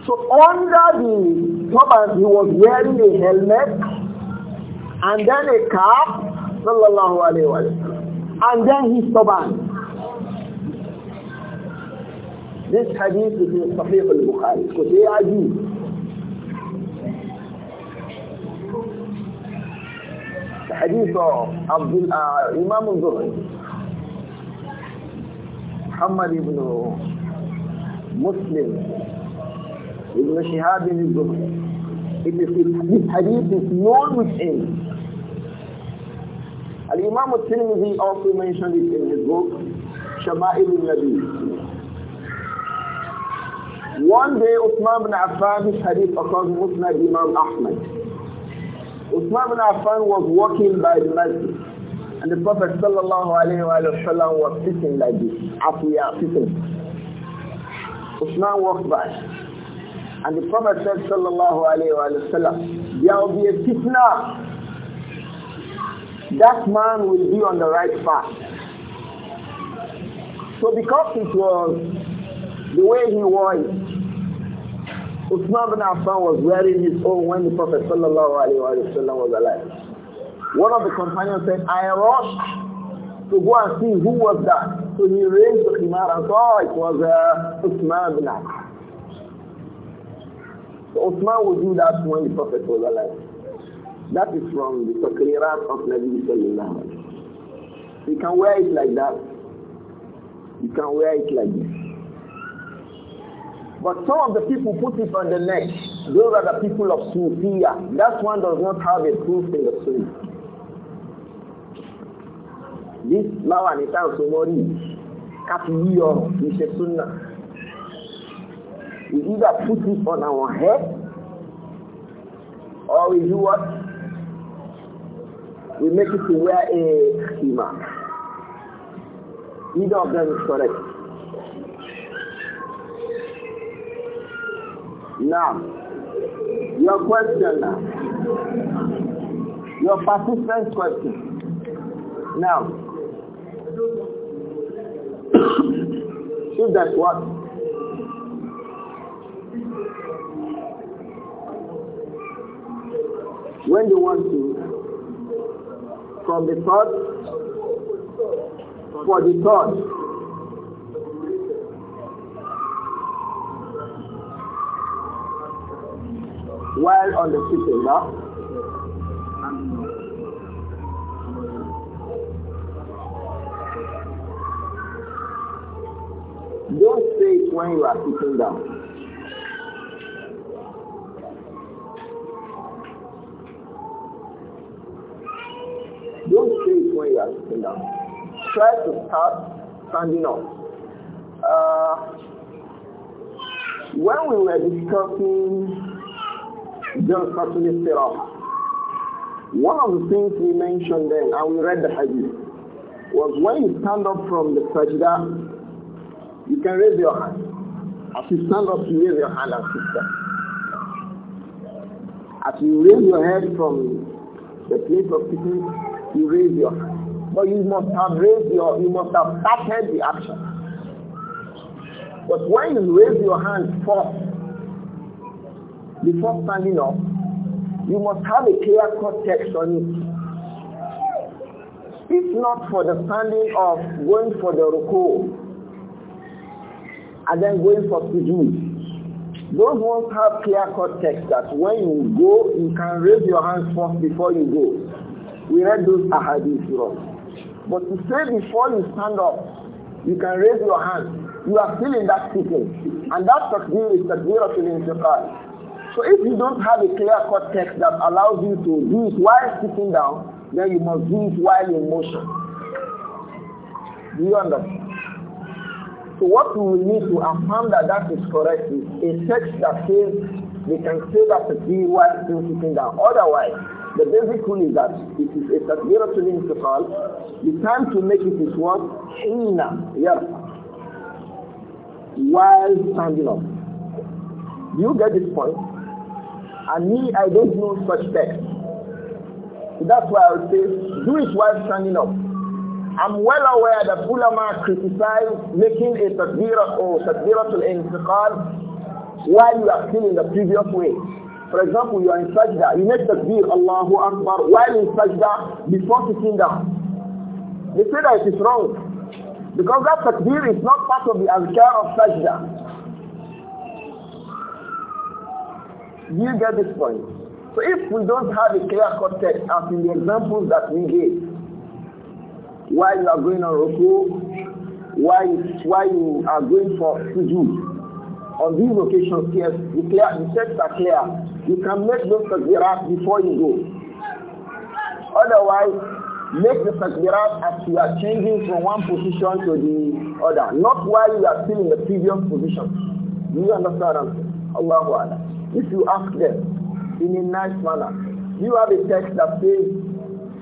So under the turban, he was wearing a helmet and then a cap, And then his turban. This hadith is in Sahih al-Bukhari. So they are Jews. The hadith of Abdul, uh, Imam al-Zuhri. Muhammad ibn Muslim ibn Shihab ibn Zuhri. It is, this hadith is known with him. Al-Imam al-Tirmidhi also mentioned it in his book, Shama'il al-Nabi. One day Uthman bin Affan, this hadith occurs Musnad Imam Ahmad. Uthman Affan was walking by the masjid and the Prophet sallallahu alayhi wa was sitting like this, as we are sitting. Uthman walked by and the Prophet said sallallahu alayhi wa there will be a fitna that man will be on the right path. So because it was the way he was, Uthman bin Affan was wearing his own when the Prophet wasallam was alive. One of the companions said, I rushed to go and see who was that. So he raised the khimar and saw it was uh, Uthman bin Affan. So Uthman would do that when the Prophet was alive. That is from the takrirat of Nabi sallallahu alaihi wasallam. You can wear it like that. You can wear it like this. But some of the people put it on the neck. Those are the people of Sufiya. That one does not have a proof in the story. This lawa ni ta somori kati yi ọrọ kì ṣe sunna. We either put it on our head or we do what? We make it to wear a khima. Either of them is correct. Now, your question now. Your persistent question. Now, see that what? When you want to, from the thought, for the thought. while on the sitting down, Don't say it when you are sitting down. Don't say it when you are sitting down. Try to start standing up. Uh, when we were discussing one of the things we mentioned then, and we read the hadith, was when you stand up from the sajda, you can raise your hand. As you stand up, you raise your hand and sit down. As you raise your head from the place of sitting, you raise your hand. But you must have raised your, you must have started the action. But when you raise your hand first, before standing up, you must have a clear context on it. If not for the standing up, going for the roko, and then going for sujood, those ones have clear context that when you go, you can raise your hands first before you go. We read those ahadith wrong. But to say before you stand up, you can raise your hand. You are still in that sitting. And that takbir is takbir of the intiqal. So if you don't have a clear-cut text that allows you to do it while sitting down, then you must do it while in motion. Do you understand? So what we will need to affirm that that is correct is a text that says we can say that the D while still sitting down. Otherwise, the basic rule is that it is a tasbiratul intifal. The time to make it is what? Hina, yes. While standing up. Do you get this point? And me, I don't know such text. that's why I would say, do it while standing up. I'm well aware that ulama criticize making a takbirah or takbiratul intiqal while you are still in the previous way. For example, you are in sajda, you make takbir, Allahu Akbar, while in sajda, before sitting down. They say that it is wrong. Because that takbir is not part of the azkar of sajda. You get this point. So if we don't have a clear context as in the examples that we gave, why you are going on Roku, why, why you are going for Suju, on these occasions, yes, the, clear, the steps are clear. You can make those takbirat before you go. Otherwise, make the takbirat as you are changing from one position to the other, not while you are still in the previous position. Do you understand? Allahu Akbar. If you ask them in a nice manner, you have a text that says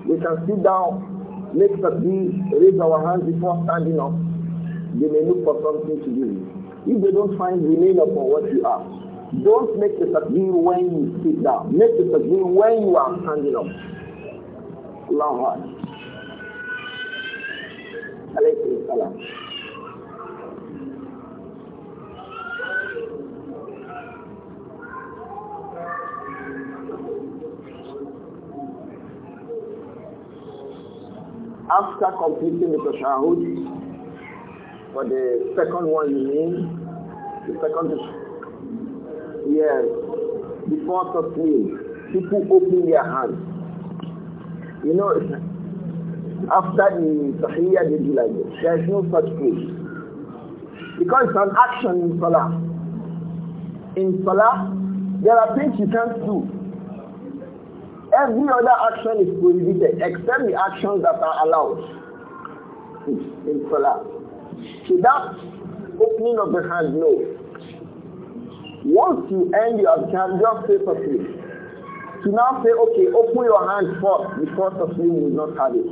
we can sit down, make a deal, raise our hands before standing up. They may look for something to do. If they don't find, remain upon what you ask. Don't make the takbir when you sit down. Make the takbir when you are standing up. Allahu Akbar. Alaykum salam. after completing the tashahud, for the second one you mean, the second, yes, before taslim, people open their hands. You know, after the tahiyyah they do like this. There is no such place. Because it's an action in salah. In salah, there are things you can't do. Every other action is prohibited except the actions that are allowed in Salah. So that opening of the hand, no. Once you end your abkar, just say something. To now say, okay, open your hand first because of you will not have it.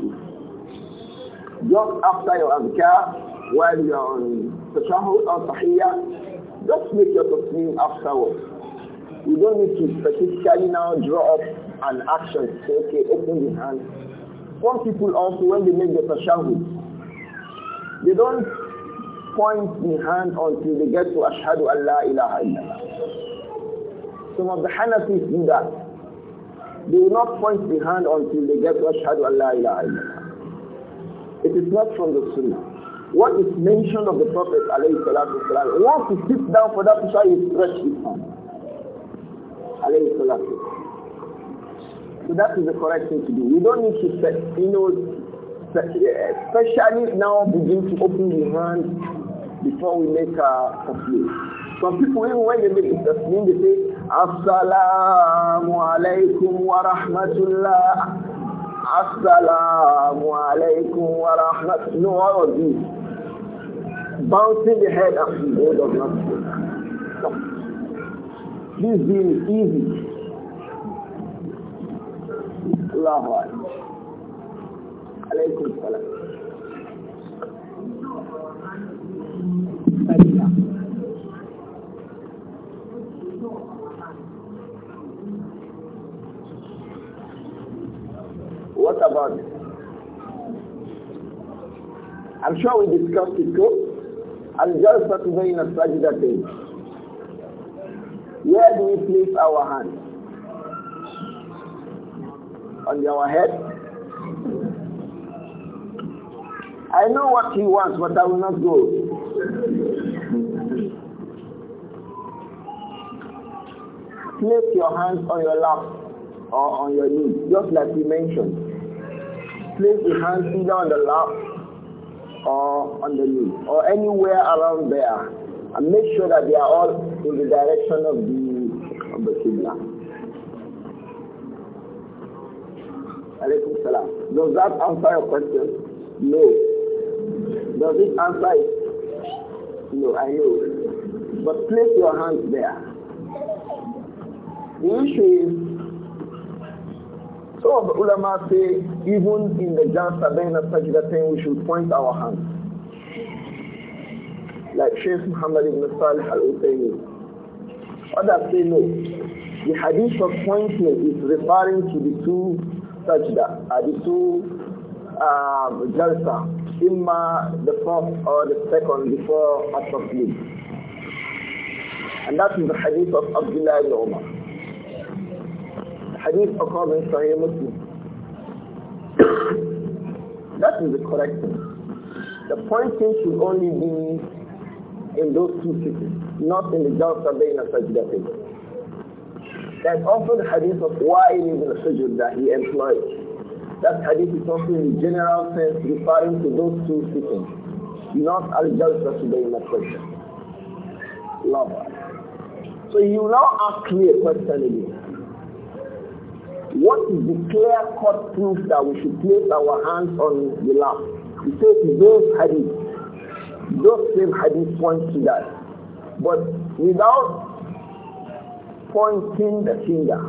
Just after your adhkar, while you are on tashahud or tahiyya, just make your taslim afterwards. You don't need to specifically now draw up and action. Say, okay, open the hand. Some people also, when they make the tashahud, they don't point the hand until they get to Ashadu Allah ilaha illallah. Some of the Hanafis do that. They will not point the hand until they get to Ashadu Allah ilaha illallah. It is not from the Sunnah what is mentioned of the Prophet alayhi salatu wasalam. Once he sits down for that Isha, he stretches his hand. Alayhi salatu so that is the correct thing to do. We don't need to, you know, especially now begin to open the hand before we make a complaint. Some people, even when they make it, they say, Assalamu alaikum wa rahmatullah. Assalamu alaikum wa rahmatullah. No, all of these. Bouncing the head up, oh, does not This be easy. What about it? I'm sure we discussed it too. I'm just not even in a tragedy. Where do we place our hands? on our head? I know what he wants, but I will not go. place your hands on your lap or on your knee, just like we mentioned. Place the hands either on the lap or on the knee or anywhere around there and make sure that they are all in the direction of the salam. Does that answer your question? No. Does it answer it? No, I know. But place your hands there. The issue is, some of the ulama say, even in the Jansa Baina Sajdatain, we should point our hands. Like Sheikh Muhammad ibn Salih al-Utaymi. Others say no. The hadith of pointing is referring to the two such that are the two uh, jalsa, i the fourth or the second before at-taslim. And that is the hadith of Abdullah ibn Umar. The hadith occurs in Sahih Muslim. that is the correct thing. The pointing should only be in those two cities, not in the jalsa bayna sajdatayni. And often the hadith of it is the Sujud that he employed. That hadith is also in general sense referring to those two sittings, not al-jalsa today in the question. Love. So you now ask me a question again. What is the clear-cut proof that we should place our hands on the lap? He says those hadith, those same hadith point to that. But without pointing the finger.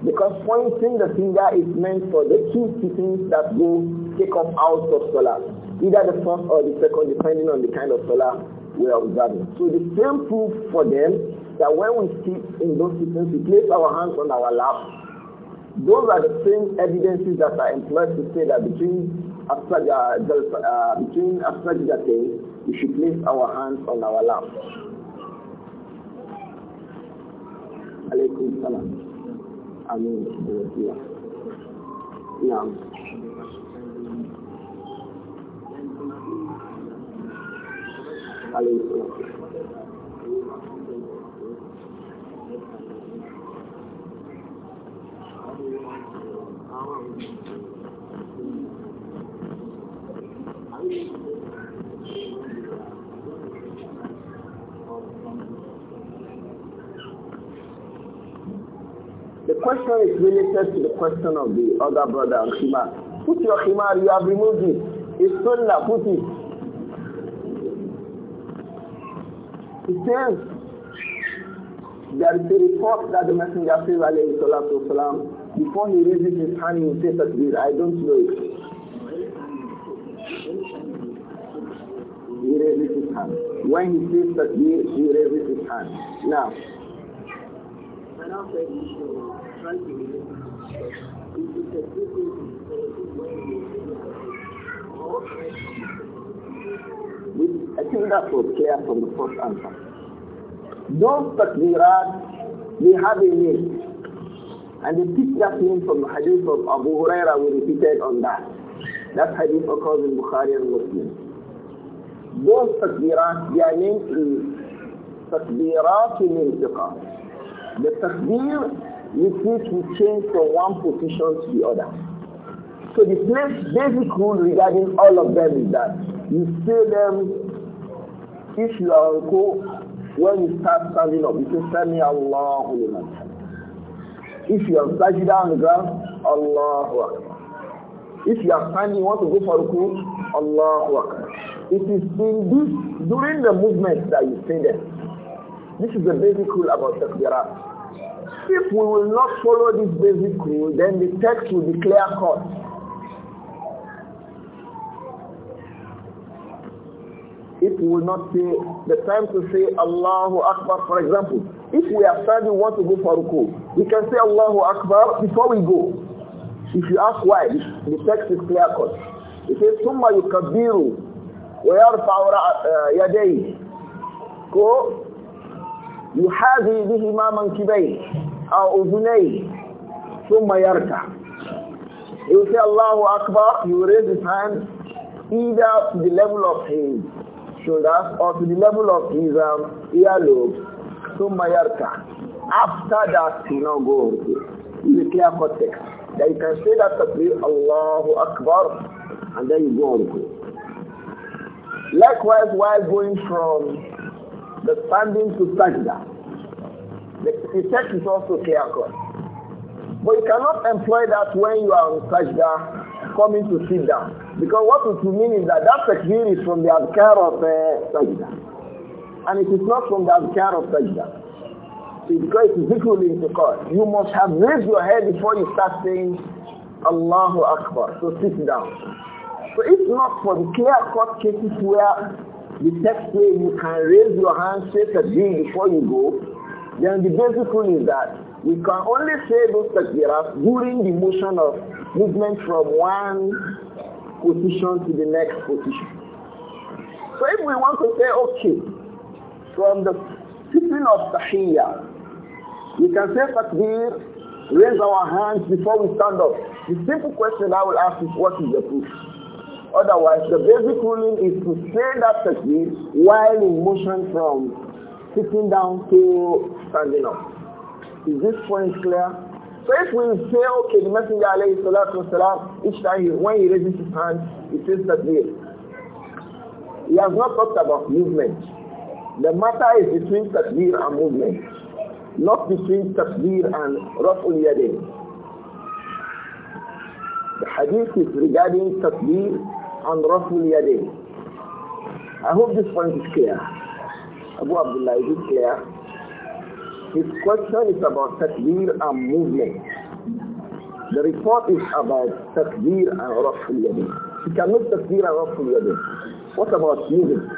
Because pointing the finger is meant for the two teachings that go take up out of solar. Either the first or the second, depending on the kind of solar we are observing. So the same proof for them that when we sit in those situations, we place our hands on our lap. Those are the same evidences that are employed to say that between after uh, uh, between after the day, we should place our hands on our lap. عليكم السلام امين نعم عليه السلام Thank you. The question is related to the question of the other brother on Khima. Put your Khima, you have removed it. It's Sunnah, put it. It says, there is a report that the Messenger of Allah before he raises his hand, he says that Tasbir. I don't know it. He raises his hand. When he says Tasbir, he raises his hand. Now, I think that was clear from the first answer. Those takbirat, they have a name. And they pick that name from the hadith of Abu Huraira we repeated on that. That hadith occurs in Bukhari and Muslim. Those takbirat, their name is takbirat in intiqam. The takbir is which we change from one position to the other. So the first basic rule regarding all of them is that you say them if you are uncle, when you start standing up, you say, Sami Allahu liman. If you are sajid on the ground, Allahu Akbar. If you are standing, you want to go for ruku, Allahu Akbar. It is in this, during the movement that you say that. This is the basic rule about takbirat. If we will not follow this basic rule, then the text will declare court. cut. If we will not say the time to say Allahu Akbar, for example, if we are standing, we want to go for ruku, we can say Allahu Akbar before we go. If you ask why, the text is clear cut. It says, ثم يكبر ويرفع يديه. Go Imam and منكبيه أذنيه ثم يركع he You say Allahu Akbar, You raise his hand either to the level of his shoulders or to the level of his um, earlobe, summa yarka. After that, he now go in the clear context. Then you can say that to Allah Allahu Akbar and then you go on. Likewise, while going from the standing to sajda, the, text is also clear cut. But you cannot employ that when you are on sajda coming to sit down. Because what it will mean is that that takbir is from the adhkar of uh, sajda. And it is not from the adhkar of sajda. Because it is equally into God. You must have raised your head before you start saying Allahu Akbar. So sit down. So it's not for the clear cut cases where the text where you can raise your hand, say a before you go, then the basic rule is that we can only say those takbiras during the motion of movement from one position to the next position. So if we want to say, okay, from the sitting of tahiyya, we can say takbir, raise our hands before we stand up. The simple question I will ask is, what is the proof? Otherwise, the basic ruling is to say that takbir while in motion from sitting down to standing up. Is this point clear? So if we say, okay, the Messenger alayhi salatu wasalam, each time he, when he raises his hand, he says that way. He has not talked about movement. The matter is between takbir and movement, not between takbir and raf'ul yadayn. The hadith is regarding takbir and raf'ul yadayn. I hope this point is clear. Abu Abdullah, is it clear? His question is about takbir and movement. The report is about takbir and raful yadin. He cannot takbir and raful yadin. What about moving?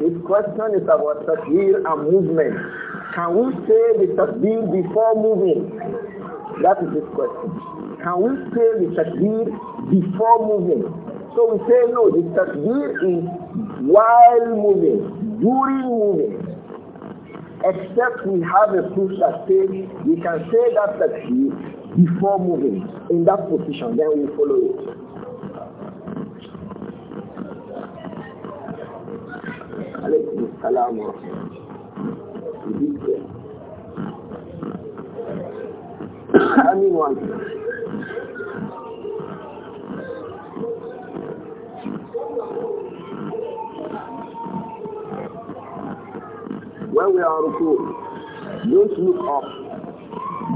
His question is about takbir and movement. Can we say the tasbih before moving? That is the question. Can we say the tasbih before moving? So we say no, the tasbih is while moving, during moving. Except we have a proof that says we can say that tasbih before moving in that position, then we follow it. عليكم السلام ورحمة الله Anyone. When we are on don't look up.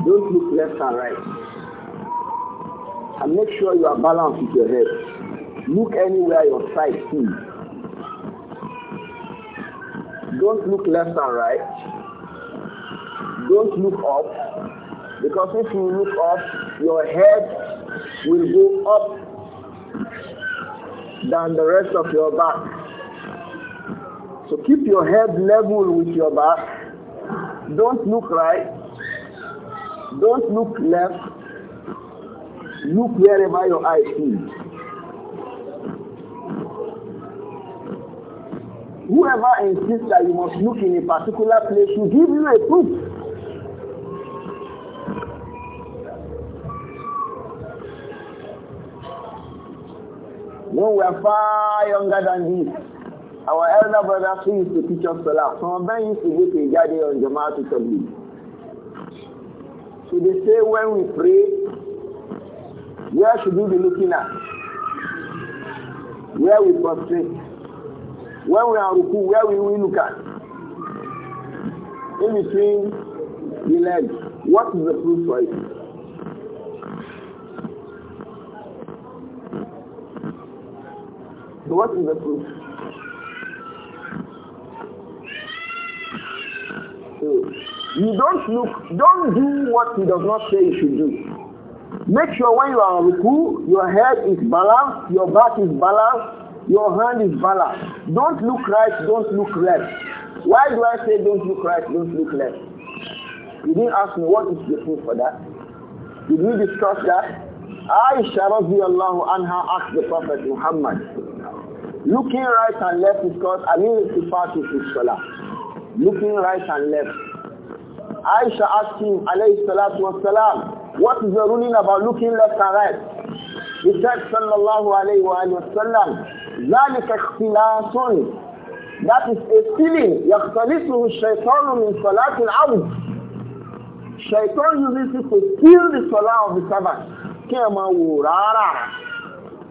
Don't look left and right. And make sure you are balanced with your head. Look anywhere your sight sees. Don't look left and right. Don't look up, because if you look up, your head will go up than the rest of your back. So keep your head level with your back. Don't look right. Don't look left. Look wherever your eyes is. Whoever insists that you must look in a particular place will give you a proof No, we are far younger than this. Our elder brother who used to teach us Salah, some of them used to go to a gathering on Jamaat to study. So they say when we pray, where should we be looking at? Where we prostrate? When we are ruku, where will we look at? In between the legs. What is the proof for it? So what is the proof? you don't look, don't do what he does not say you should do. Make sure when you are ruku, your head is balanced, your back is balanced, your hand is balanced. Don't look right, don't look left. Why do I say don't look right, don't look left? You didn't ask me what is the proof for that. Did we discuss that? Aisha radiallahu anha asked the Prophet Muhammad Looking right and left is called Amir Sifat Salah. Looking right and left. Aisha asked him, alayhi salatu wasalam, what is the ruling about looking left and right? He said, sallallahu alayhi wa sallam, ذَلِكَ اخْتِلَاسٌ That is a feeling, يَخْتَلِسُهُ الشَّيْطَانُ مِنْ صَلَاةِ الْعَبْدِ Shaitan uses it to steal the salah of the servant. Kí ẹ máa wò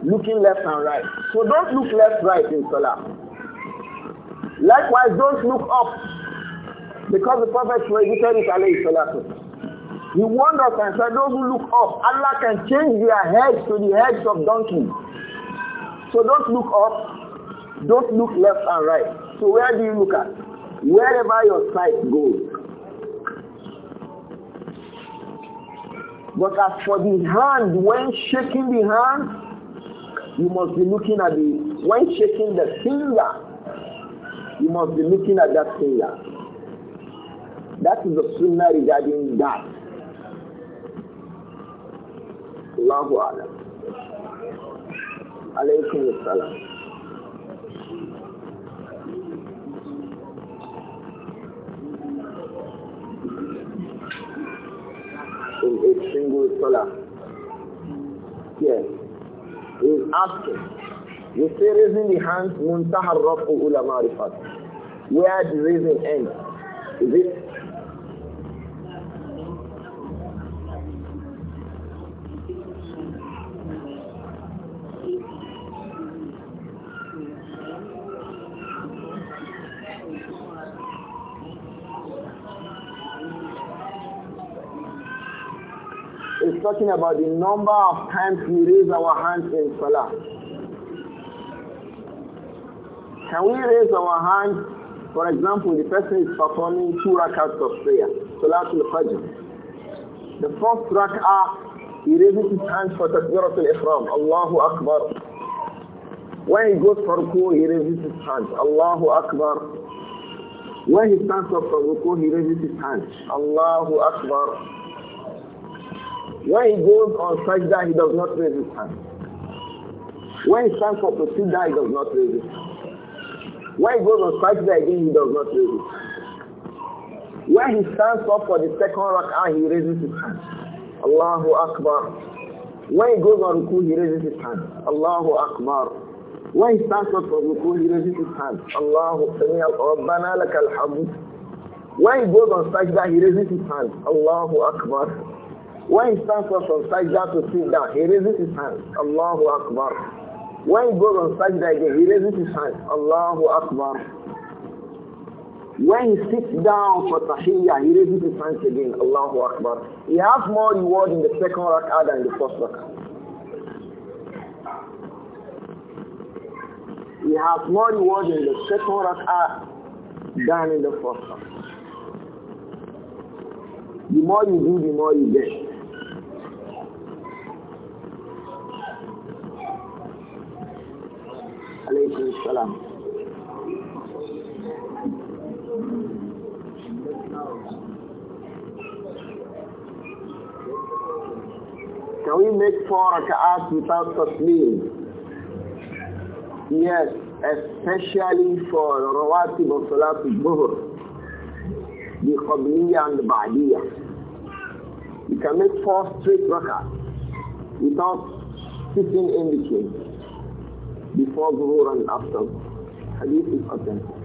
looking left and right. So don't look left, right in Salah. Likewise, don't look up. Because the Prophet prohibited it, alayhi salatu. He warned us and said, those who look up, Allah can change their heads to the heads of donkeys. So don't look up, don't look left and right. So where do you look at? Wherever your sight goes. But as for the hand, when shaking the hand, you must be looking at the, when shaking the finger, you must be looking at that finger. That is the sunnah regarding that. Allahu Alam. Alaykum as-salam. in a single solar. Yes is asking. You see raising the hand, muntahar rafu ulama rifat. Where the raising ends? Is it is talking about the number of times we raise our hands in Salah. Can we raise our hands? For example, the person is performing two rakats of prayer, Salah al Fajr. The first rak'ah, he raises his hands for Takbiratul Ihram, Allahu Akbar. When he goes for ruku, he raises his hands, Allahu Akbar. When he stands up for ruku, he raises his hands, Allahu Akbar. When he goes on that, he does not raise his hand. When he stands up to sajda, he does not raise his hand. When he goes on sajda again, he does not raise his hand. When he stands up for the second rak'ah, he raises his hand. Allahu Akbar. When he goes on ruku, he raises his hand. Allahu Akbar. When he stands up for ruku, he raises his hand. Allahu Rabbana lakal hamd. When he goes on that, he raises his hand. Allahu Akbar. When he stands up from sajda to sit down, he raises his hand. Allahu Akbar. When he goes on sajda again, he raises his hand. Allahu Akbar. When he sits down for tahiyya, he raises his hands again. Allahu Akbar. He has more reward in the second rak'ah than the first rak'ah. He has more reward in the second rak'ah than in the first The more you do, the more you get. السلام Can we make four rak'ahs without taslim? Yes, especially for rawatib of salat al-zuhr. The qabliya and the ba'diyah. You can make four straight rakat without sitting in between before Zuhur and after. Hadith is authentic.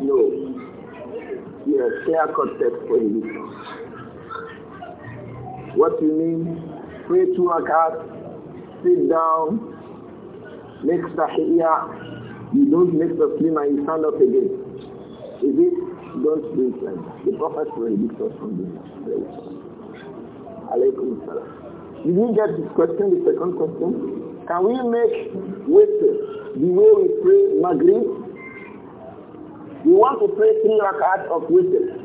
No. Yes, haircut text for you. What do you mean? Pray two rakat, sit down, make sahiyah. You don't make the slima, you stand up again. Is it don't do like that. The Prophet prohibits us from doing that. Alaykum salam. did you get this question, the second question? Can we make witness the way we pray Maghrib? We want to pray three rak'at of witness.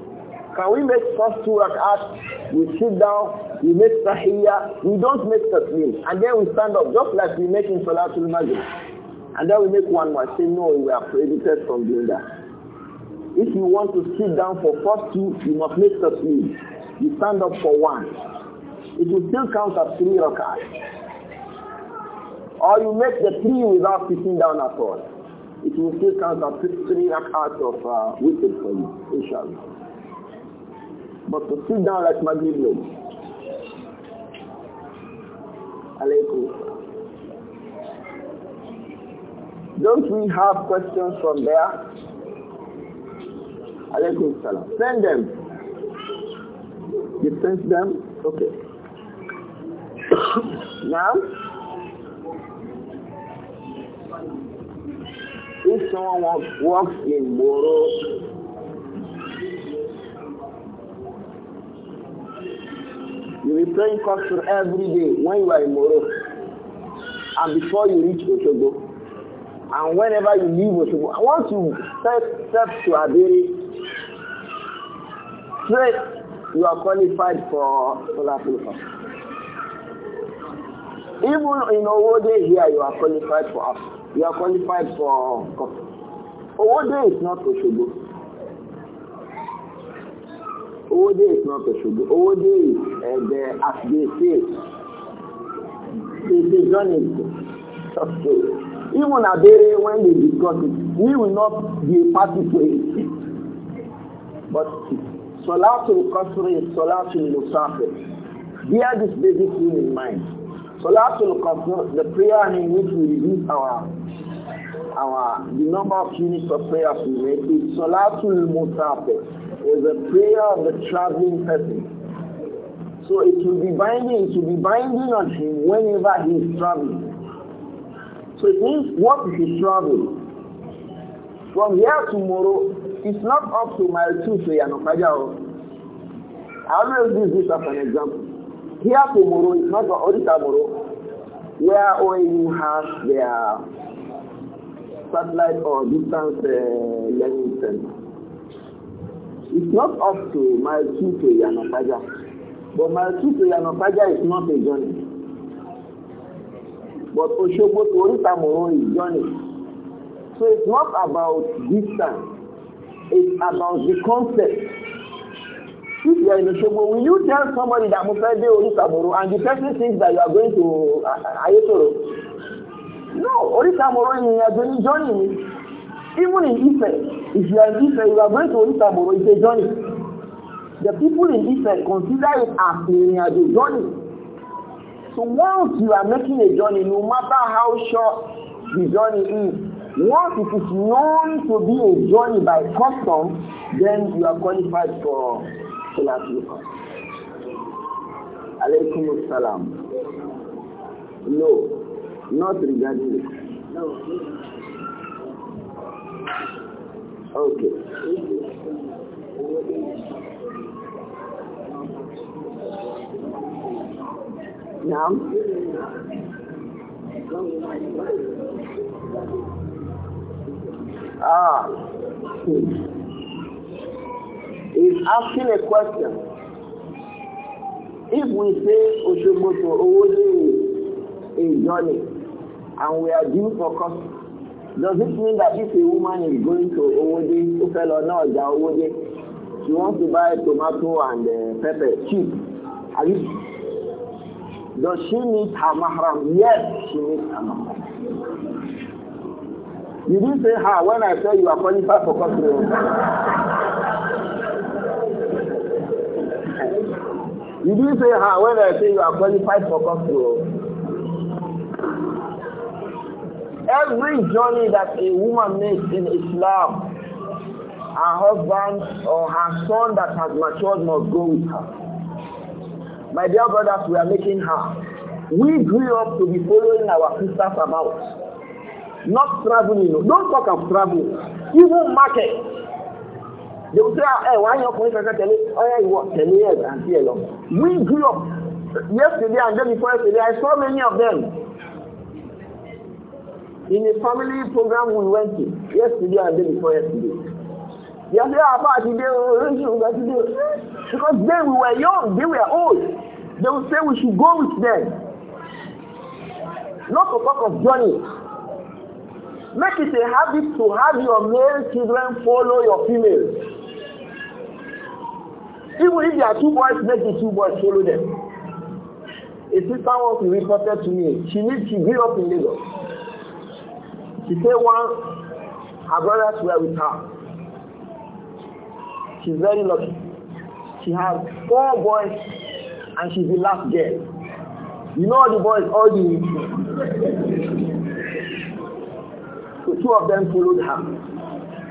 Can we make first two rak'at? We sit down, we make Sahiya, we don't make taslim. And then we stand up just like we make in Salatul Maghrib. And then we make one more. Say, no, we are prohibited from doing that. If you want to sit down for first two, you must make the three. You stand up for one. It will still count as three rak'ahs. Or you make the three without sitting down at all. It will still count as three rak'ahs of uh, witness for you, inshallah. But to sit down like Maghrib lady. Alaykum. Don't we have questions from there? Alaykum salam. Send them. You send them? Okay. now, if someone walks, walks in Moro, You'll be praying Qasr every day when you are in Moro and before you reach Oshogo. And whenever you leave Oshogo, I once you step, step to Adiri straight, you are qualified for Salatul Fajr. Even in Owode here, you are qualified for us. You are qualified for Kofi. Owode is not Oshogo. Owode is not Oshogo. Owode is, uh, the, as they say, it is done it. Okay. Even Abere, when they discuss it, we will not be party to it. But it Salatul Qasrī, is Salatul Musafir. Bear this basic thing in mind. Salatul Qasr, the prayer in which we reduce our our the number of units of prayers we make is Salatul Musafir, is a prayer of the traveling person. So it will be binding, it will be binding on him whenever he is traveling. So it means what if he travels? From here tomorrow, it's not up to mile two to Yanokaja. I always use this as an example. Here tomorrow is not Orita tomorrow, where OAU has their satellite or distance uh, learning center. It's not up to mile two to Yanokaja. But mile two to Yanokaja is not a journey. But Oshobo to Oritamoro is journey. So it's not about distance. is about the concept. If you are in a show, will you tell somebody that Mufede Orisaboro and the person thinks that you are going to uh, Ayotoro? No, Orisaboro you are journey Even in Ife, if you are in Ife, you are going to Orisaboro, it's a journey. The people in Ife consider it as a journey. So once you are making a journey, no matter how short the journey is, Once it is known to be a journey by custom, then you are qualified for Salat Yuqa. Alaykum salam. No, not regarding it. No. Okay. Now. Ah. He's asking a question. If we say Oshogbo to Owode is a journey and we are due for custom, does it mean that if a woman is going to Owode, Ofelo náà ọjà Owode, she wants to buy tomato and uh, pepper cheap? Are you, does she need her mahram? Yes, she needs her mahram. You Did not say how. when I said you are qualified for country? Did not say ha when I say you are qualified for control, Every journey that a woman makes in Islam, her husband or her son that has matured must go with her. My dear brothers, we are making her. We grew up to be following our sisters about. Not traveling. Don't talk of traveling. Even market. They will say, hey, ah, eh, why your point can't tell me? Oh, yeah, what? Ten years and here. We grew up yesterday and then before yesterday. I saw many of them. In a family program we went to yesterday and then before yesterday. Yesterday, our party, they were ah, oh, oh, oh, because then we were young, they were old. They would say we should go with them. Not to talk of journey." Make it a habit to have your male children follow your females. Even if there are two boys, make the two boys follow them. A sister once reported to me, she lived, she grew up in Lagos. She said one, her brothers were with her. She's very lucky. She has four boys and she's the last girl. You know all the boys, all the The two of them followed her.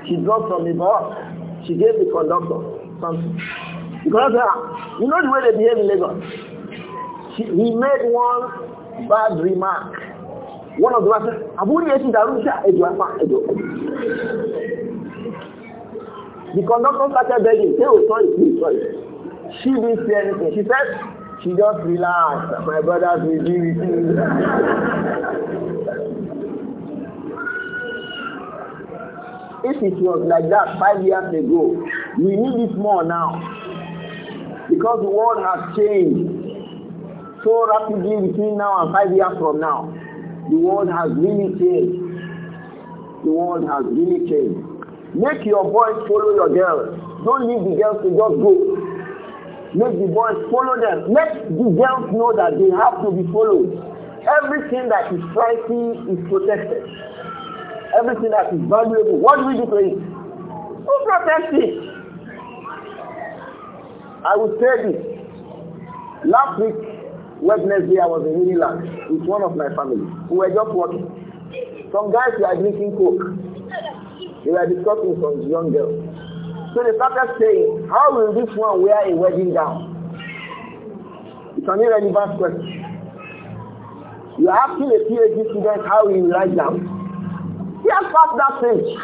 She dropped from the bus. She gave the conductor something. The conductor, uh, you know the way they behave in Lagos? She, he made one bad remark. One of the verses, Aburi Eti Darusha Eduafa Edo. The conductor started begging, say, oh, sorry, please, sorry. She didn't say anything. She said, she just relaxed. My brother's with you. If it was like that five years ago, we need it more now. Because the world has changed so rapidly between now and five years from now. The world has really changed. The world has really changed. Make your boys follow your girls. Don't leave the girls to just go. Make the boys follow them. Let the girls know that they have to be followed. Everything that is pricey is protected everything that is valuable, what do we do to it? Who protects it? I will tell you. Last week, Wednesday, I was in Unilag with one of my family. We were just walking. Some guys were drinking coke. They were discussing some young girls. So they started saying, how will this one wear a wedding gown? It's an irrelevant question. You are asking a PhD student how he will write down. He has passed that stage.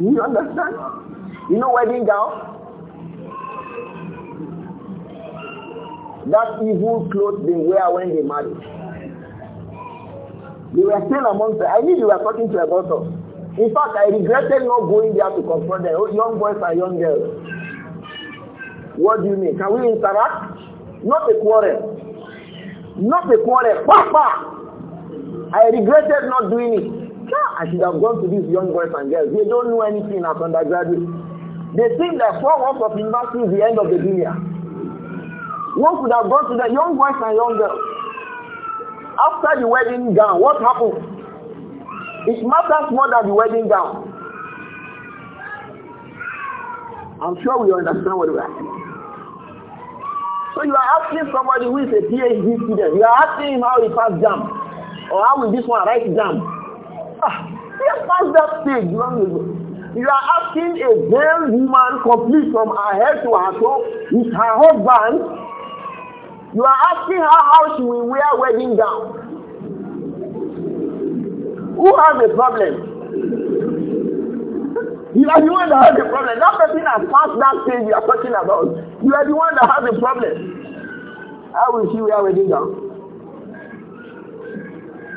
Do you understand? You know wedding gown? That evil clothes they wear when they marry. They were still amongst them. I knew you were talking to a daughter. In fact, I regretted not going there to confront them. Oh, young boys and young girls. What do you mean? Can we interact? Not a quarrel. Not a quarrel. Papa! I regretted not doing it. I should have gone to these young boys and girls. They don't know anything as undergraduates. They think that four months of university is the end of the dunya. What could have gone to the young boys and young girls. After the wedding gown, what happened? It matters more than the wedding gown. I'm sure we understand what we are saying. So you are asking somebody who is a PhD student, you are asking him how he passed jam or how will this one write jam. Ah, have passed that stage long ago. You are asking a girl woman complete from her head to her toe with her husband. You are asking her how she will wear wedding gown. Who has a problem? You are the one that has a problem. That person has passed that stage you are talking about. You are the one that has a problem. How will she wear wedding gown?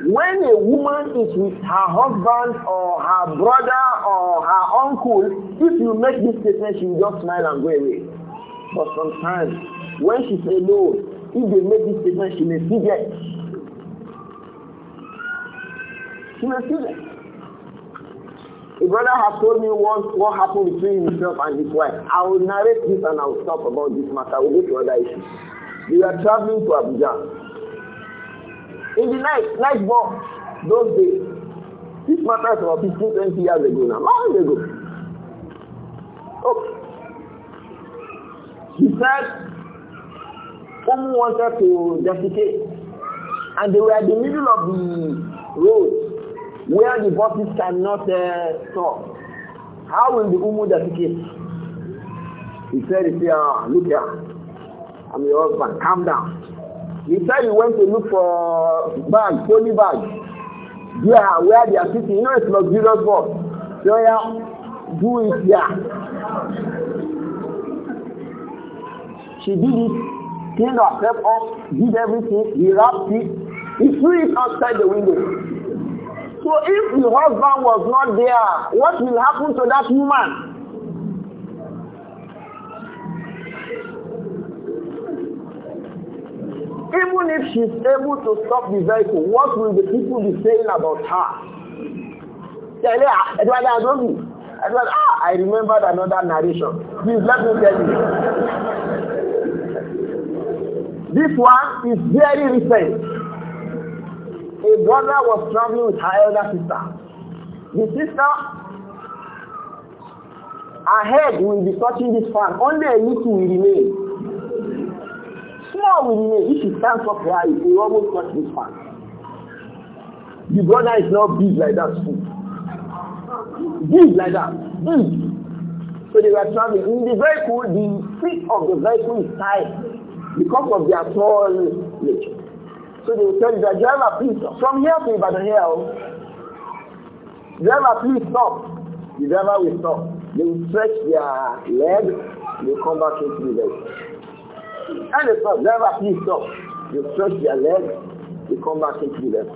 When a woman is with her husband or her brother or her uncle, if you make this statement, she will just smile and go away. But sometimes, when she's alone, if they make this statement, she may forget. She may forget. A brother has told me once what happened between himself and his wife. I will narrate this and I will stop about this matter. We'll go to other issues. We are traveling to Abuja. In the night, night bomb, those days. This matter about 15, 20 years ago now, long ago. Okay. Oh. He said, Omu wanted to defecate. And they were in the middle of the road where the buses cannot uh, stop. How will the Omu defecate? He said, he said, ah, look here. I'm your husband. Calm down. He said he went to look for bag, poly bag. Yeah, where they are sitting. You know it's luxurious So yeah, do it yeah. She did it, cleaned herself up, did everything, he wrapped it, he threw it outside the window. So if the husband was not there, what will happen to that woman? Even if she's able to stop the vehicle, what will the people be saying about her? Edward, I Edward, ah, I remembered another narration. Please let me tell you. This one is very recent. A brother was traveling with her elder sister. The sister, her head will be touching this fan. Only a little will remain we need, if he stands up high, he will almost touch his The brother is not big like that. Big like that. Big. So they were traveling. In the vehicle, the feet of the vehicle is tight because of their tall nature. So they will tell the driver, please, from here to Ibadan here, oh, driver, please stop. The driver will stop. They will stretch their leg, they will come back into the vehicle. And the first, never please stop. You stretch their legs, you come back into the left.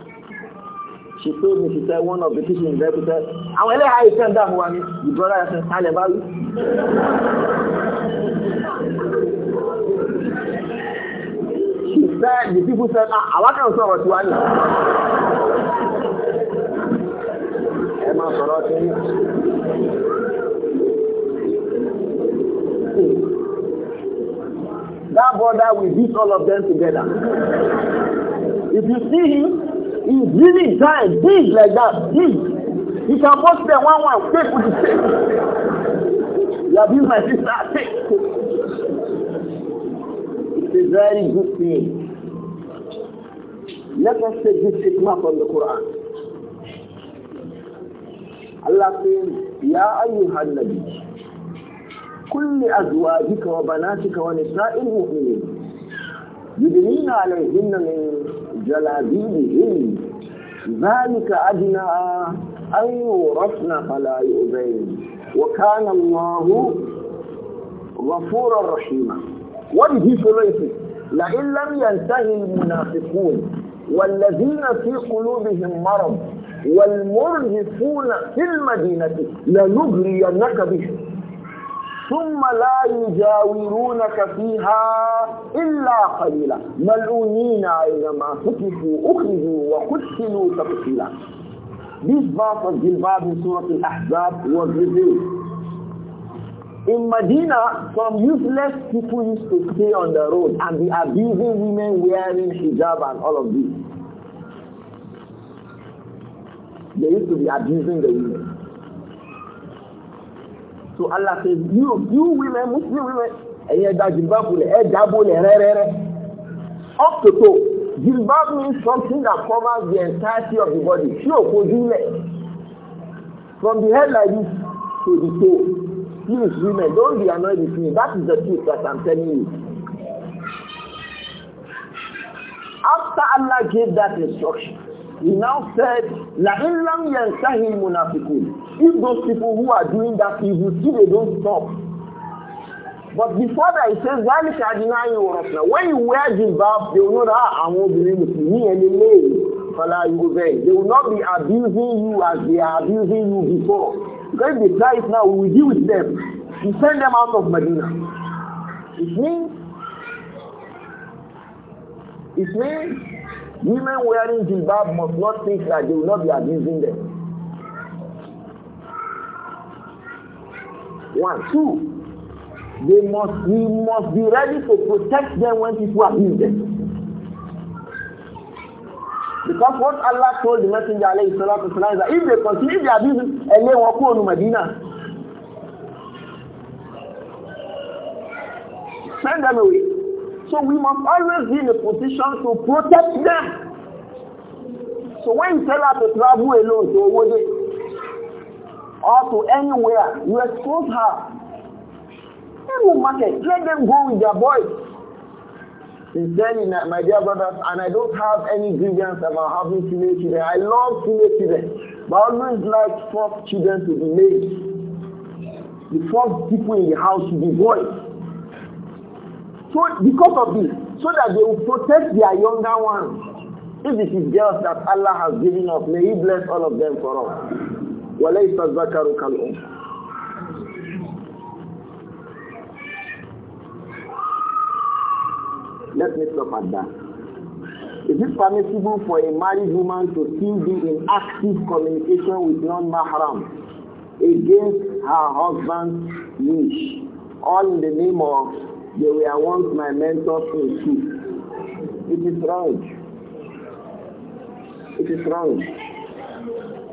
She told me, she said, one of the teaching there, she said, and when I turned down one, the brother said, I never will. She said, the people said, ah, I want to talk about one. Emma Sorotin. That brother will beat all of them together. if you see him, he's really giant, big like that, big. He can box them one one, take with the stick. You abuse my sister, take. It's a very good thing. Let us take this hikmah from the Quran. Allah says, Ya ayyuhan nabi, كل أزواجك وبناتك ونساء المؤمنين يدنين عليهن من جلابيبهن ذلك أدنى أن يورثن فلا يؤذين وكان الله غفورا رحيما وبه ثلاثي لئن لم ينتهي المنافقون والذين في قلوبهم مرض والمرجفون في المدينة لنغرينك بهم ثم لا يجاورونك فيها إلا قليلا ملعونين أينما فتحوا أخرجوا وقتلوا تقتيلا This verse of Jilbab in Surah Al-Ahzab was revealed. In Medina, some useless people used to stay on the road and be abusing women wearing hijab and all of this. They used to be abusing the women. So Allah says, you, you women, Muslim women, ẹ̀yin ẹ̀dá jilbab lẹ̀ ẹ̀dá bolẹ̀ rẹ́rẹ́rẹ́. Up to toe, jilbab is something that covers the entirety of the body. Ṣé òkò jùlẹ̀? From the head like this to the toe. Please women, don't be annoyed with me. That is the truth that I'm telling you. After Allah gave that instruction, He now said, لَإِنْ لَمْ يَنْتَهِ الْمُنَافِقُونَ If those people who are doing that evil, see they don't stop. But before that, he says, ذَلِكَ أَدْنَا يُوْرَفْنَا When you wear jilbab, they will know that I I'm obeying me and the male. فَلَا يُوْبَيْ They will not be abusing you as they are abusing you before. Because they try it now, we will deal with them. We send them out of Medina. It means, it means Women wearing jilbab must not think that they will not be abusing them. One, two, they must we must be ready to protect them when people abuse them. Because what Allah told the Messenger alayhi salatu is that if they continue their abuse, ẹ̀lẹ́ wọn kúrò Medina. Send them away. So we must always be in a position to protect them. So when you tell her to travel alone to Owode or to anywhere, you expose her. They will market. Let them go with their boys. He's telling my dear brothers, and I don't have any grievance about having female children. I love female children. But I always like first children to be made. The first people in the house to be boys. so because of this, so that they will protect their younger ones. If it is girls that Allah has given us, may He bless all of them for us. وَلَيْسَ الذَّكَرُ كَالْأُنْثَى Let me stop at that. Is it permissible for a married woman to still be in active communication with non-mahram against her husband's wish, all in the name of They were once my mentors in school. It is wrong. It is wrong.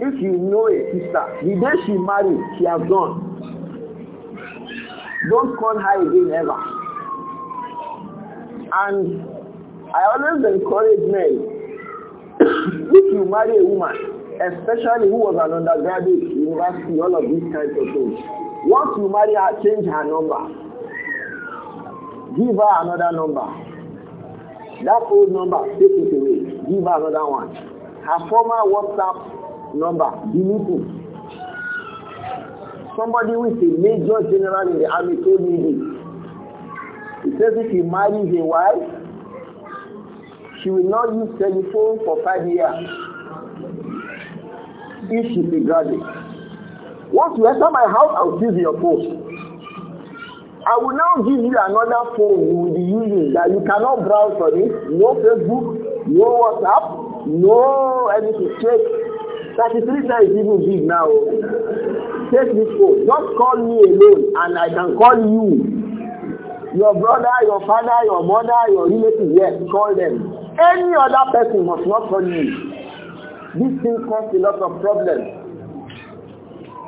If you know a sister, the day she married, she has gone. Don't call her again ever. And I always encourage men, if you marry a woman, especially who was an undergraduate university, all of these kinds of things. Once you marry her, change her number. Give her another number. That old number, take it away. Give her another one. Her former WhatsApp number, delete it. Somebody with a major general in the army told me this. He says if he marries a wife, she will not use telephone for five years if she's a graduate. Once you enter my house, I'll give you your phone. I will now give you another phone you will be using that you cannot browse on it. No Facebook, no WhatsApp, no anything. Check. 33 is even big now. Take this phone. Just call me alone and I can call you. Your brother, your father, your mother, your relative, yes, call them. Any other person must not call you. This thing cause a lot of problems.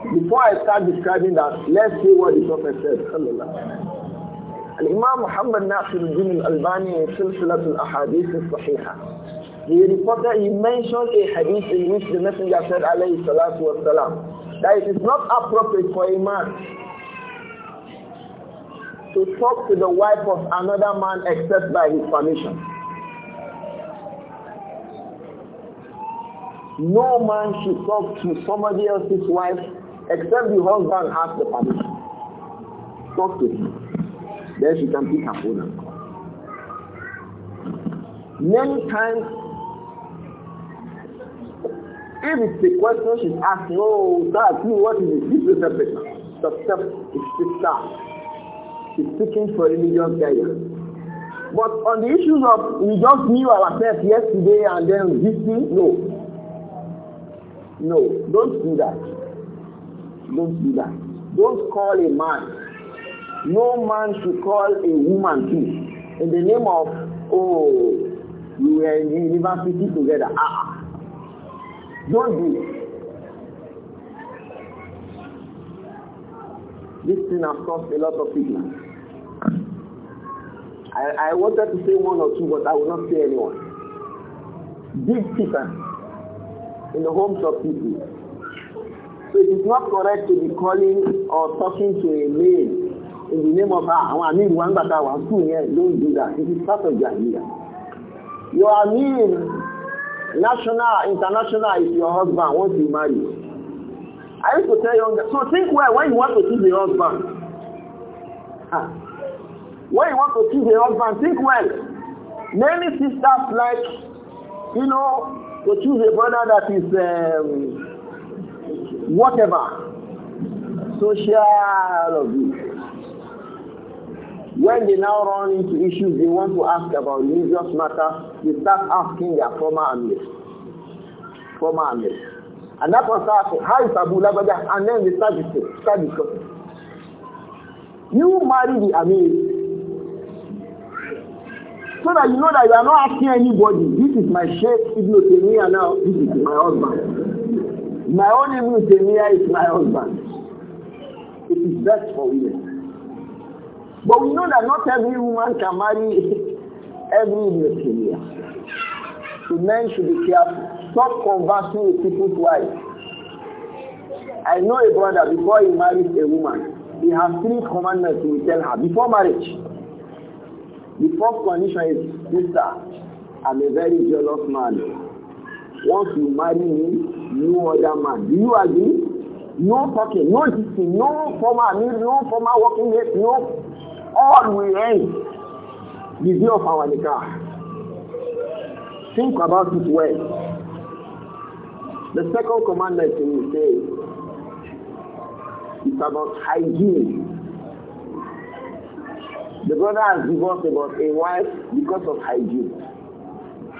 Before I start describing that, let's see what the Prophet said. Imam Muhammad Nasir al Bani albani in Silsilat al-Ahadith al-Sahiha. He reported, he mentioned a hadith in which the Messenger said, alayhi salatu wa that it is not appropriate for a man to talk to the wife of another man except by his permission. No man should talk to somebody else's wife Except the husband has the permission. Talk to him. Then she can pick up on Many times, if it's the question she's asking, oh, that, you, what is it? This is a bit. Substep, She's seeking for religious guidance. But on the issues of we just knew ourselves yesterday and then this thing, no. No, don't do that. Don't do that. Don't call a man. No man should call a woman too. In the name of, oh, we were in university together. Ah, ah. Don't do it. This thing has caused a lot of people. I, I wanted to say one or two, but I will not say anyone. Big people in the homes of people. So it is not correct to be calling or talking to a man in the name of I one but I want Wanku here. Don't do that. It is part of Jahiliya. Your Amir, national, international is your husband once you marry. I used to tell you, so think well when you want to choose your husband. Huh. When you want to choose your husband, think well. Many sisters like, you know, to choose a brother that is um, whatever, social, of When they now run into issues they want to ask about religious matters, they start asking their former amirs. Former amirs. And that was asking, how is Abu Labadah? And then they start discussing. Start discussing. You marry the amir so that you know that you are not asking anybody, this is my sheikh, Ibn Taymiyyah now, this is my husband. My own Ibn Taymiyyah is my husband. It is best for women. But we know that not every woman can marry every Ibn Taymiyyah. So men should be careful. Stop conversing with people's wives. I know a brother before he marries a woman, he has three commandments he will tell her before marriage. The first condition is, sister, I'm a very jealous man. Once you marry me, no other man. Do you agree? No talking, no teaching, no formal meal, no formal working days, no. All will end the day of our nikah. Think about it well. The second commandment in say is about hygiene. The brother has divorced about a wife because of hygiene.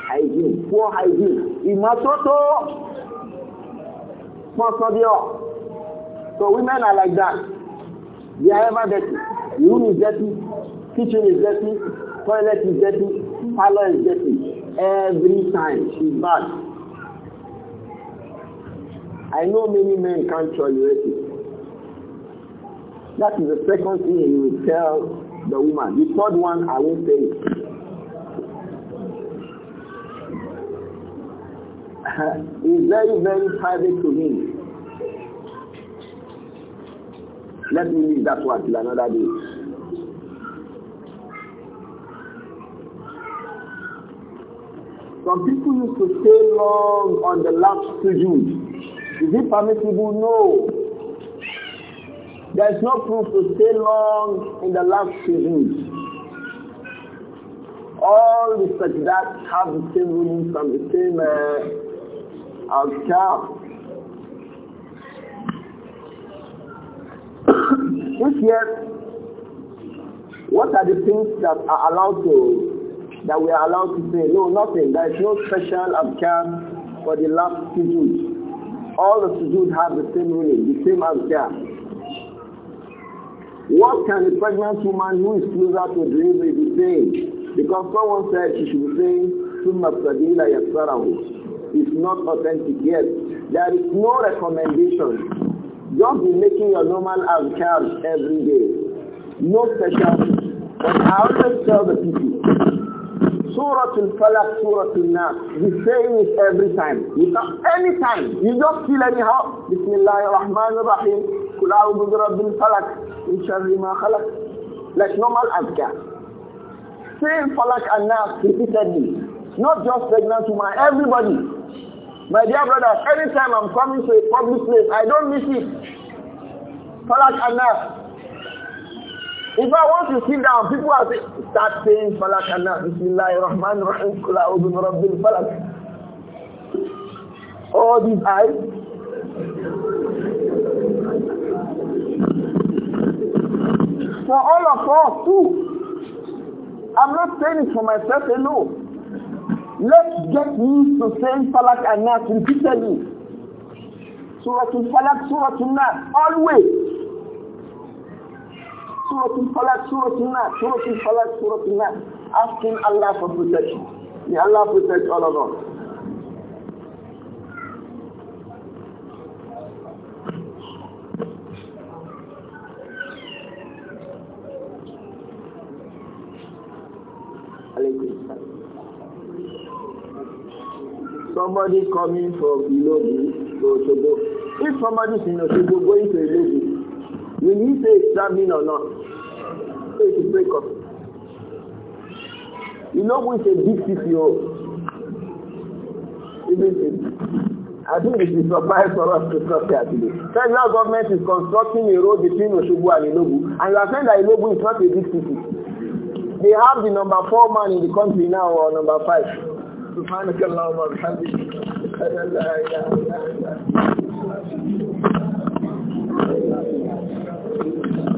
Hygiene, poor hygiene. Imatoto sponsor the all. So women are like that. They are ever dirty. The room is dirty, kitchen is dirty, toilet is dirty, parlor is dirty. Every time she's bad. I know many men can't tolerate it. That is the second thing he will tell the woman. The third one, I won't say it. is very, very private to me. Let me leave that one till another day. Some people used to stay long on the last sujood. Is it permissible? No. There is no proof to stay long in the last sujood all the that have the same rules from the same uh, al-Sham. Which yes, what are the things that are allowed to, that we are allowed to say? No, nothing. There is no special adhkar for the last sujood. All the sujood have the same meaning, the same adhkar. What can a pregnant woman who is closer to delivery be saying? Because someone said she should be saying, ثم السبيل يسره is not authentic yet. There is no recommendation. Just be making your normal azkar every day. No special. But I always tell the people, Surah Al-Falaq, Surah Al-Nas, the same is every time. Without any time. You just feel anyhow. Bismillah ar-Rahman ar-Rahim. Kul a'udhu bi falaq Min sharri ma khalaq. Like normal azkar same falak and nas repeatedly. Not just pregnant woman, everybody. My dear brothers, anytime I'm coming to a public place, I don't miss it. Falak Anas. If I want to sit down, people are say, start saying Falak Anas. Bismillahir Rahmanir Rahim. Qul a'udhu rabbil falak. All these eyes. For all of us too. I'm not saying it for myself alone. Let's get used to saying Falak and Nas repeatedly. Surah Al-Falak, Surah Al-Nas, always. Surah Al-Falak, Surah Al-Nas, Surah Al-Falak, Surah Al-Nas. Asking Allah for protection. May Allah protect all of us. Alaykum somebody coming from Ilobi to Osogbo, if somebody is in Osogbo going to Ilobi, will he say it's traveling or not? So it is break up. Ilobi is a big city, isn't I think it is a surprise for us to stop here today. Federal government is constructing a road between Osogbo and Ilobu, and you are saying that Ilobu is not a big city. They have the number four man in the country now or number five. سبحانك اللهم وبحمدك أشهد أن لا إله إلا أنت